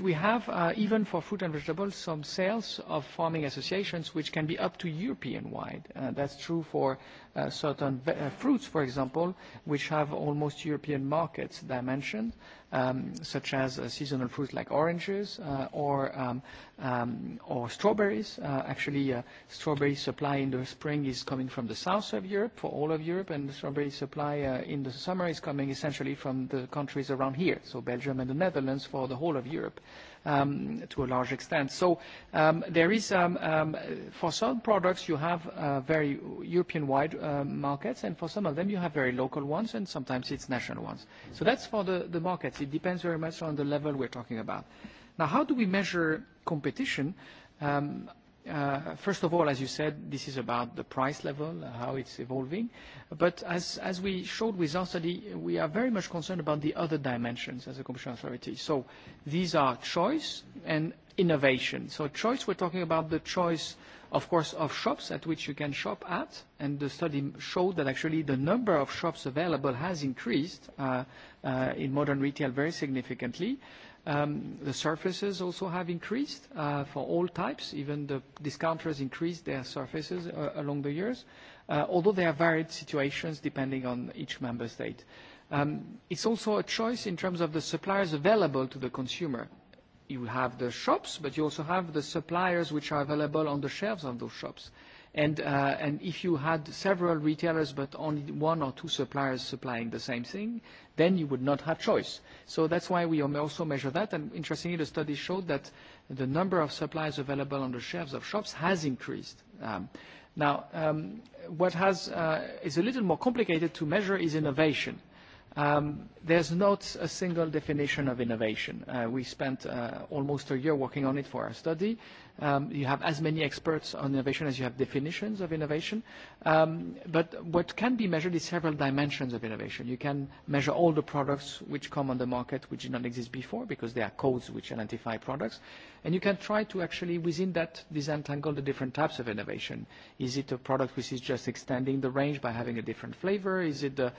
We have, uh, even for fruit and vegetables, some sales of farming associations, which can be up to European-wide. Uh, that's true for uh, certain fruits, for example, which have almost European markets dimension, um, such as seasonal fruits like oranges um, um, or strawberries. Actually, strawberry supply in the spring is coming from the south of Europe, for all of Europe, and the strawberry supply in the summer is coming essentially from the countries around here, so Belgium and the Netherlands for the whole of Europe. Europe um, to a large extent. Um, there is um, for some products, you have uh, very European-wide uh, markets, and for some of them, you have very local ones, and sometimes it's national ones. That's for the markets. It depends very much on the level we're talking about. Now, how do we measure competition? Uh, first of all, as you said, this is about the price level, uh, how it's evolving. As we showed with our study, we are very much concerned about the other dimensions as a competition authority. These are choice and innovation. Choice, we're talking about the choice, of course, of shops at which you can shop at, and the study showed that actually the number of shops available has increased uh, in modern retail very significantly. Um, the surfaces also have increased uh, for all types. Even the discounters increased their surfaces uh, along the years, uh, although there are varied situations depending on each member state. Um, it's also a choice in terms of the suppliers available to the consumer. You have the shops, but you also have the suppliers which are available on the shelves of those shops. Uh, if you had several retailers, but only one or two suppliers supplying the same thing, then you would not have choice. That's why we also measure that. Interestingly, the study showed that the number of suppliers available on the shelves of shops has increased. Um, now, um, what uh, is a little more complicated to measure is innovation. Um, there's not a single definition of innovation. Uh, we spent almost a year working on it for our study. Um, you have as many experts on innovation as you have definitions of innovation. Um, what can be measured is several dimensions of innovation. You can measure all the products which come on the market which did not exist before because there are codes which identify products. You can try to actually, within that, disentangle the different types of innovation. Is it a product which is just extending the range by having a different flavor? Is it a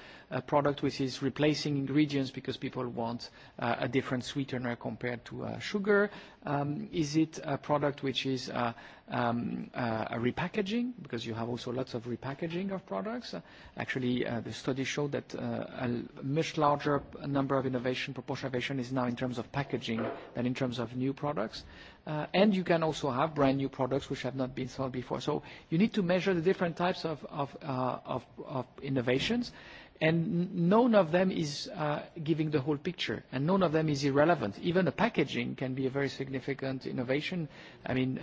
product which is replacing ingredients because people want uh, a different sweetener compared to uh, sugar? Um, is it a product which which is uh, um, uh, a repackaging, because you have also lots of repackaging of products. Uh, actually, the study showed that a much larger number of innovation, proportion of innovation is now in terms of packaging than in terms of new products. You can also have brand-new products which have not been sold before. You need to measure the different types of innovations. None of them is uh, giving the whole picture, and none of them is irrelevant. Even the packaging can be a very significant innovation.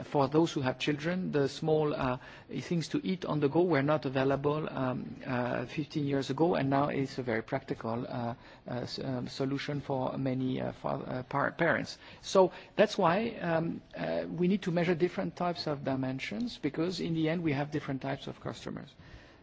For those who have children, the small uh, things to eat on the go were not available 15 um, uh, years ago, and now it's a very practical um, solution for many parents. That's why um, we need to measure different types of dimensions, because in the end, we have different types of customers.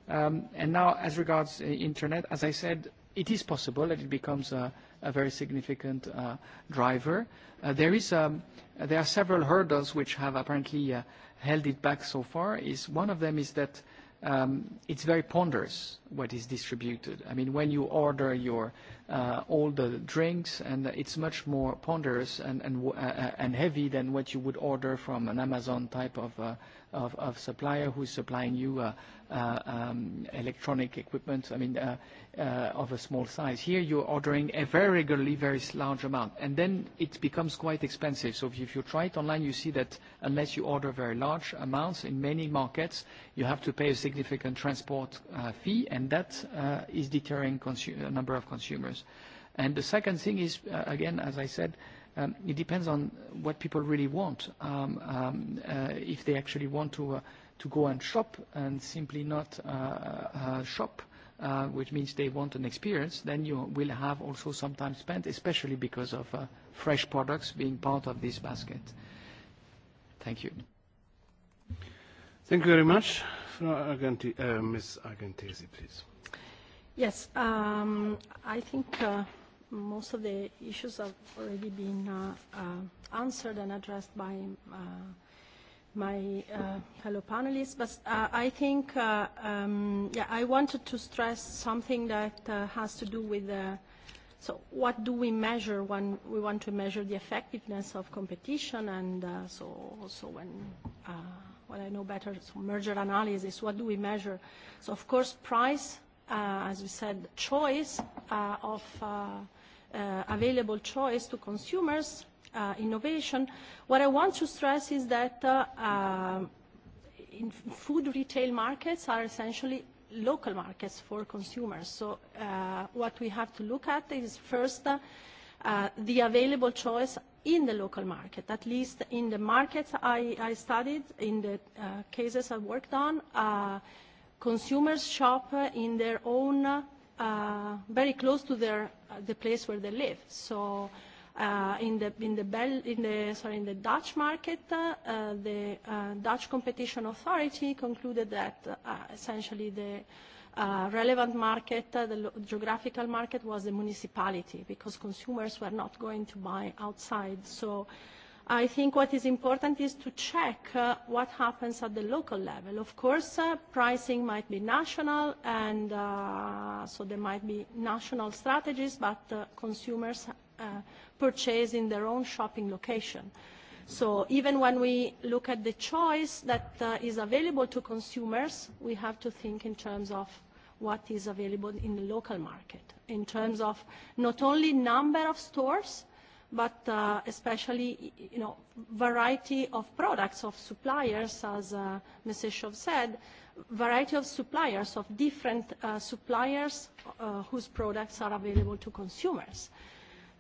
Um, now, as regards uh, internet, as I said, it is possible that it becomes a very significant uh, driver. Uh, um, there are several hurdles which have apparently held it back so far. One of them is that um, it's very ponderous what is distributed. I mean, when you order your uh, all the drinks, and it's much more ponderous and, and, uh, uh, and heavy than what you would order from an Amazon type of, uh, of, of supplier who's supplying you uh, uh, um, electronic equipment, I mean, uh, uh, of a small size. Here you're ordering a very regularly very large amount, and then it becomes quite expensive. So if you, if you try it online, you see that unless you order very large amounts in many markets, you have to pay a significant transport uh, fee, and that uh, is deterring consu- a number of consumers customers. The second thing is, uh, again, as I said, um, it depends on what people really want. Um, um, uh, if they actually want uh, to go and shop and simply not shop, which means they want an experience, then you will have also some time spent, especially because of fresh products being part of this basket. Thank you. Thank you very much. Ms. Argentiezi, please. Yes, um, I think uh, most of the issues have already been uh, uh, answered and addressed by uh, my uh, fellow panelists. But uh, I think, uh, um, yeah, I wanted to stress something that uh, has to do with the. Uh, so, what do we measure when we want to measure the effectiveness of competition? And uh, so, so when. Uh, well, I know better, so merger analysis, what do we measure? So, of course, price Uh, as we said, choice uh, of uh, uh, available choice to consumers, uh, innovation. What I want to stress is that uh, uh, in food retail markets are essentially local markets for consumers. So uh, what we have to look at is first uh, uh, the available choice in the local market, at least in the markets I, I studied, in the uh, cases I worked on, uh, consumers shop in their own, uh, very close to their, uh, the place where they live. So uh, in, the, in, the Bel- in, the, sorry, in the Dutch market, uh, the uh, Dutch competition authority concluded that uh, essentially the uh, relevant market, uh, the lo- geographical market was the municipality because consumers were not going to buy outside. So uh, I think what is important is to check uh, what happens at the local level. Of course, uh, pricing might be national, and uh, so there might be national strategies, but uh, consumers uh, purchase in their own shopping location. So even when we look at the choice that uh, is available to consumers, we have to think in terms of what is available in the local market, in terms of not only number of stores, but uh, especially you know variety of products of suppliers as uh, Mrs. Shov said variety of suppliers of different uh, suppliers uh, whose products are available to consumers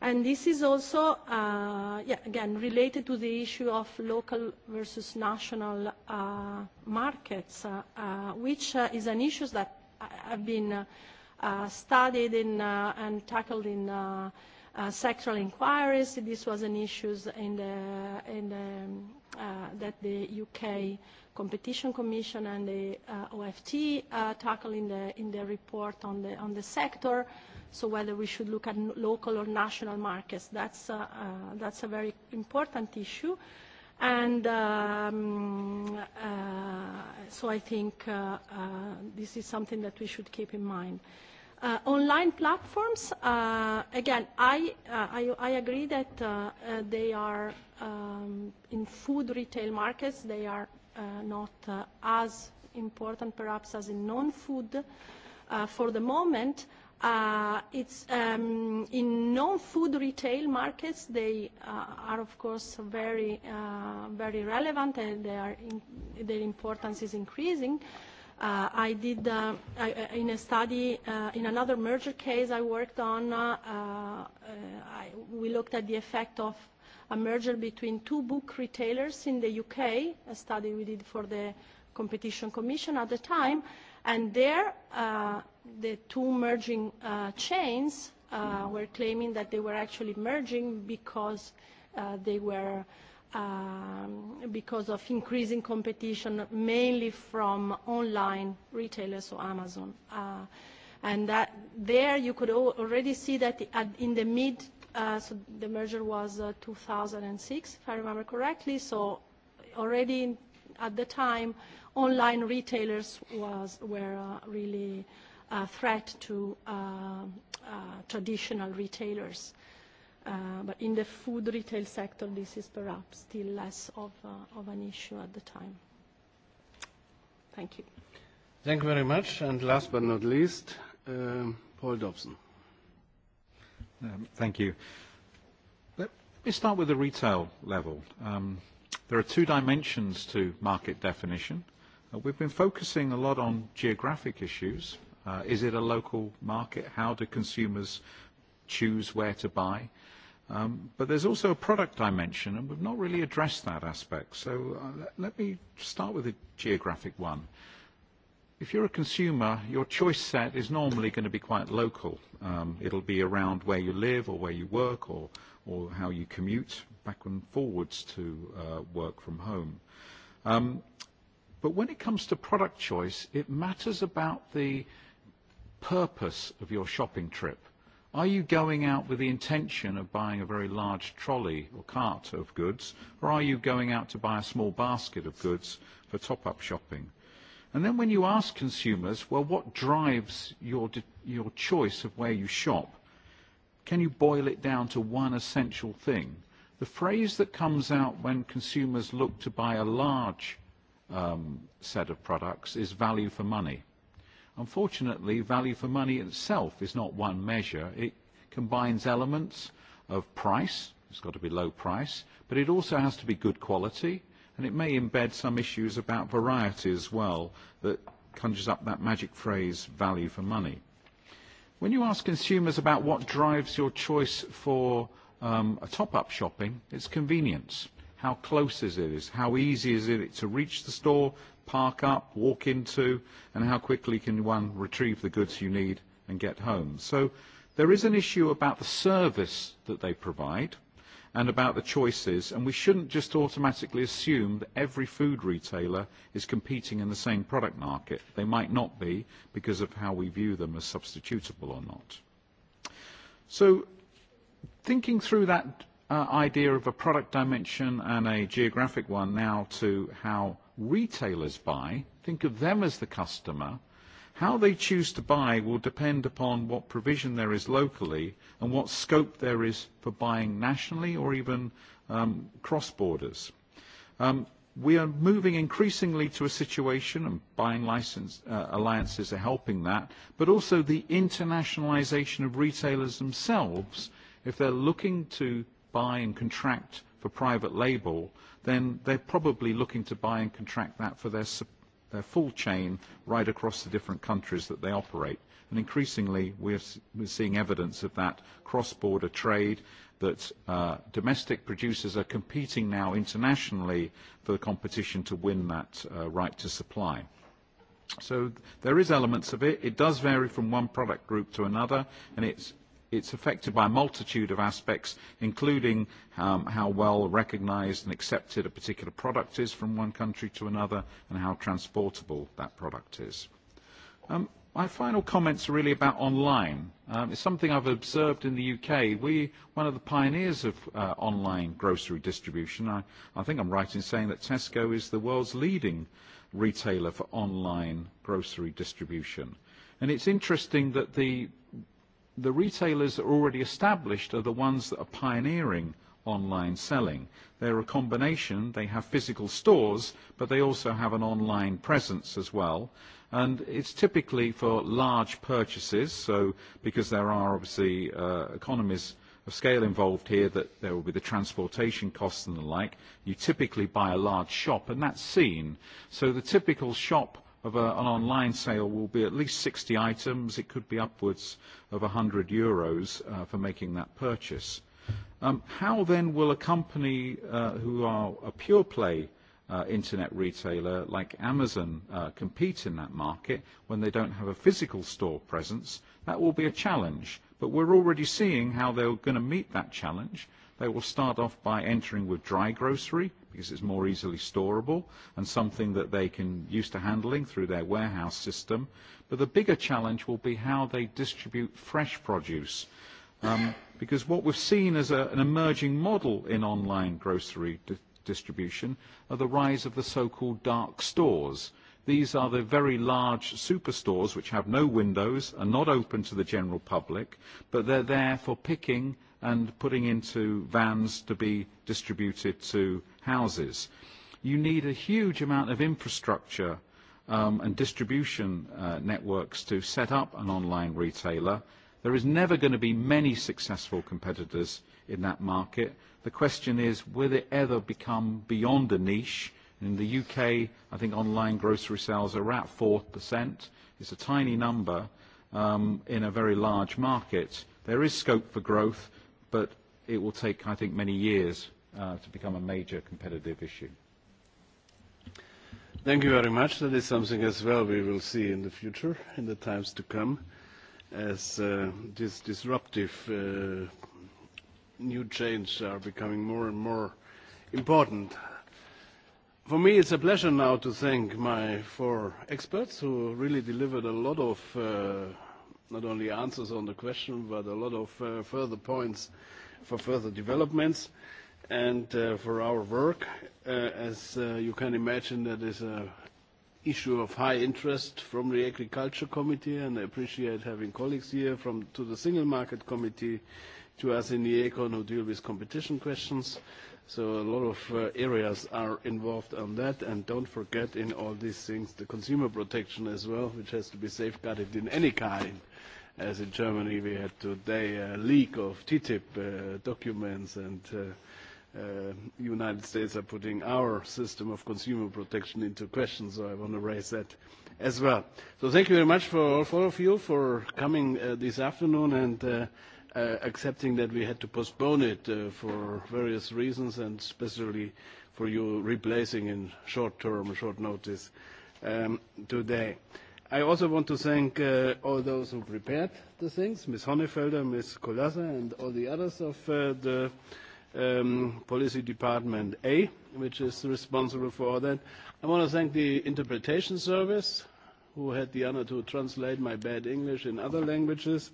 and this is also uh, yeah, again related to the issue of local versus national uh, markets uh, uh, which uh, is an issue that uh, have been uh, studied in uh, and tackled in uh, Uh, sectoral inquiries. This was an issue in the, in the, uh, that the UK Competition Commission and the uh, OFT uh, tackle in the, in the report on the, on the sector. So whether we should look at local or national markets, that's, uh, uh, that's a very important issue. And um, uh, so I think uh, uh, this is something that we should keep in mind. Uh, Uh, online platforms, uh, again, I, uh, I, I agree that uh, uh, they are um, in food retail markets, they are uh, not uh, as important perhaps as in non-food uh, for the moment. Uh, it's um, in non-food retail markets. They uh, are, of course, very, uh, very relevant, and their their importance is increasing. Uh, uh, I did uh, I, in a study uh, in another merger case I worked on. Uh, uh, I, we looked at the effect of a merger between two book retailers in the UK. A study we did for the Competition Commission at the time, and there uh, the two merging uh, chains uh, were claiming that they were actually merging because uh, they were. Um, because of increasing competition, mainly from online retailers, so Amazon. Uh, and that there, you could already see that in the mid, uh, so the merger was 2006, uh, if I remember correctly. So already at the time, online retailers were really a threat to traditional retailers. Uh, but in the food retail sector, this is perhaps still less of uh, an issue at the time. Thank you. Thank you very much. Last but not least, um, Paul Dobson. Um, thank you. Let me start with the retail level. Um, there are two dimensions to market definition. Uh, we've been focusing a lot on geographic issues. Is it a local market? How do consumers choose where to buy? Um, but there's also a product dimension, and we've not really addressed that aspect. So uh, let me start with a geographic one. If you're a consumer, your choice set is normally going to be quite local. Um, it'll be around where you live or where you work or how you commute back and forwards to uh, work from home. Um, but when it comes to product choice, it matters about the purpose of your shopping trip. Are you going out with the intention of buying a very large trolley or cart of goods, or are you going out to buy a small basket of goods for top-up shopping? And then when you ask consumers, well, what drives your, your choice of where you shop, can you boil it down to one essential thing? The phrase that comes out when consumers look to buy a large um, set of products is value for money. Unfortunately, value for money itself is not one measure. It combines elements of price, it's got to be low price, but it also has to be good quality, and it may embed some issues about variety as well that conjures up that magic phrase, value for money. When you ask consumers about what drives your choice for um, a top-up shopping, it's convenience. How close is it? How easy is it to reach the store park up, walk into, and how quickly can one retrieve the goods you need and get home. So there is an issue about the service that they provide and about the choices, and we shouldn't just automatically assume that every food retailer is competing in the same product market. They might not be because of how we view them as substitutable or not. So thinking through that uh, idea of a product dimension and a geographic one now to how uh, retailers buy, think of them as the customer. How they choose to buy will depend upon what provision there is locally and what scope there is for buying nationally or even um, cross borders. Um, we are moving increasingly to a situation, and buying license uh, alliances are helping that, but also the internationalization of retailers themselves, if they're looking to buy and contract for private label, then they're probably looking to buy and contract that for their, their full chain right across the different countries that they operate. And increasingly, we're, we're seeing evidence of that cross-border trade that uh, domestic producers are competing now internationally for the competition to win that uh, right to supply. So th- there is elements of it. It does vary from one product group to another, and it's, it's affected by a multitude of aspects, including um, how well recognized and accepted a particular product is from one country to another and how transportable that product is. Um, my final comments are really about online. Um, it's something I've observed in the UK. We're one of the pioneers of uh, online grocery distribution. I, I think I'm right in saying that Tesco is the world's leading retailer for online grocery distribution. And it's interesting that the the retailers that are already established are the ones that are pioneering online selling. They're a combination. They have physical stores, but they also have an online presence as well. And it's typically for large purchases, so because there are obviously uh, economies of scale involved here, that there will be the transportation costs and the like, you typically buy a large shop, and that's seen. So the typical shop of a, an online sale will be at least 60 items. It could be upwards of 100 euros uh, for making that purchase. Um, how then will a company uh, who are a pure play uh, internet retailer like Amazon uh, compete in that market when they don't have a physical store presence? That will be a challenge. But we're already seeing how they're going to meet that challenge. They will start off by entering with dry grocery, because it's more easily storable and something that they can use to handling through their warehouse system. But the bigger challenge will be how they distribute fresh produce. Um, because what we've seen as a, an emerging model in online grocery di- distribution are the rise of the so-called dark stores, These are the very large superstores which have no windows and not open to the general public, but they're there for picking and putting into vans to be distributed to houses. You need a huge amount of infrastructure um, and distribution uh, networks to set up an online retailer. There is never going to be many successful competitors in that market. The question is, will it ever become beyond a niche? In the UK, I think online grocery sales are at 4%. It's a tiny number um, in a very large market. There is scope for growth, but it will take, I think, many years uh, to become a major competitive issue. Thank you very much. That is something as well we will see in the future, in the times to come, as uh, these disruptive uh, new changes are becoming more and more important. For me, it's a pleasure now to thank my four experts who really delivered a lot of uh, not only answers on the question, but a lot of uh, further points for further developments and uh, for our work. Uh, as uh, you can imagine, that is an issue of high interest from the Agriculture Committee, and I appreciate having colleagues here from to the Single Market Committee, to us in the ECON who deal with competition questions. Uh, A lot of uh, areas are involved on that. Don't forget in all these things, the consumer protection as well, which has to be safeguarded in any kind. As in Germany, we had today a uh, leak of TTIP uh, documents, and United States are putting our system of consumer protection into question, so I want to raise that as well. Thank you very much for all of you for coming this afternoon, and Uh, accepting that we had to postpone it uh, for various reasons and specifically for you replacing in short term, short notice um, today. I also want to thank uh, all those who prepared the things, Ms. Honnefelder, Ms. Colaza, and all the others of the um, Policy Department A, which is responsible for all that. I want to thank the interpretation service, who had the honor to translate my bad English in other languages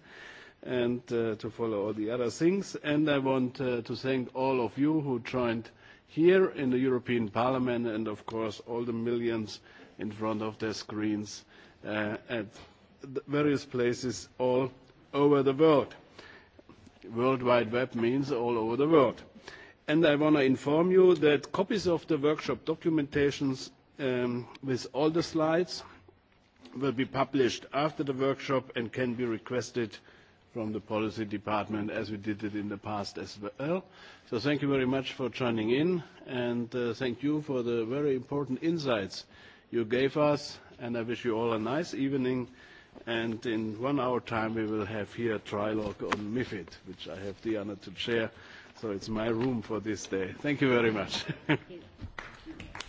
and uh, to follow all the other things. And I want uh, to thank all of you who joined here in the European Parliament and, of course, all the millions in front of their screens uh, at the various places all over the world. World Wide Web means all over the world. And I want to inform you that copies of the workshop documentations um, with all the slides will be published after the workshop and can be requested uh, from the policy department as we did it in the past as well. Thank you very much for joining in, and uh, thank you for the very important insights you gave us. I wish you all a nice evening. In one hour time, we will have here a trilogue on MiFID, which I have the honor to chair. It's my room for this day. Thank you very much. Thank you.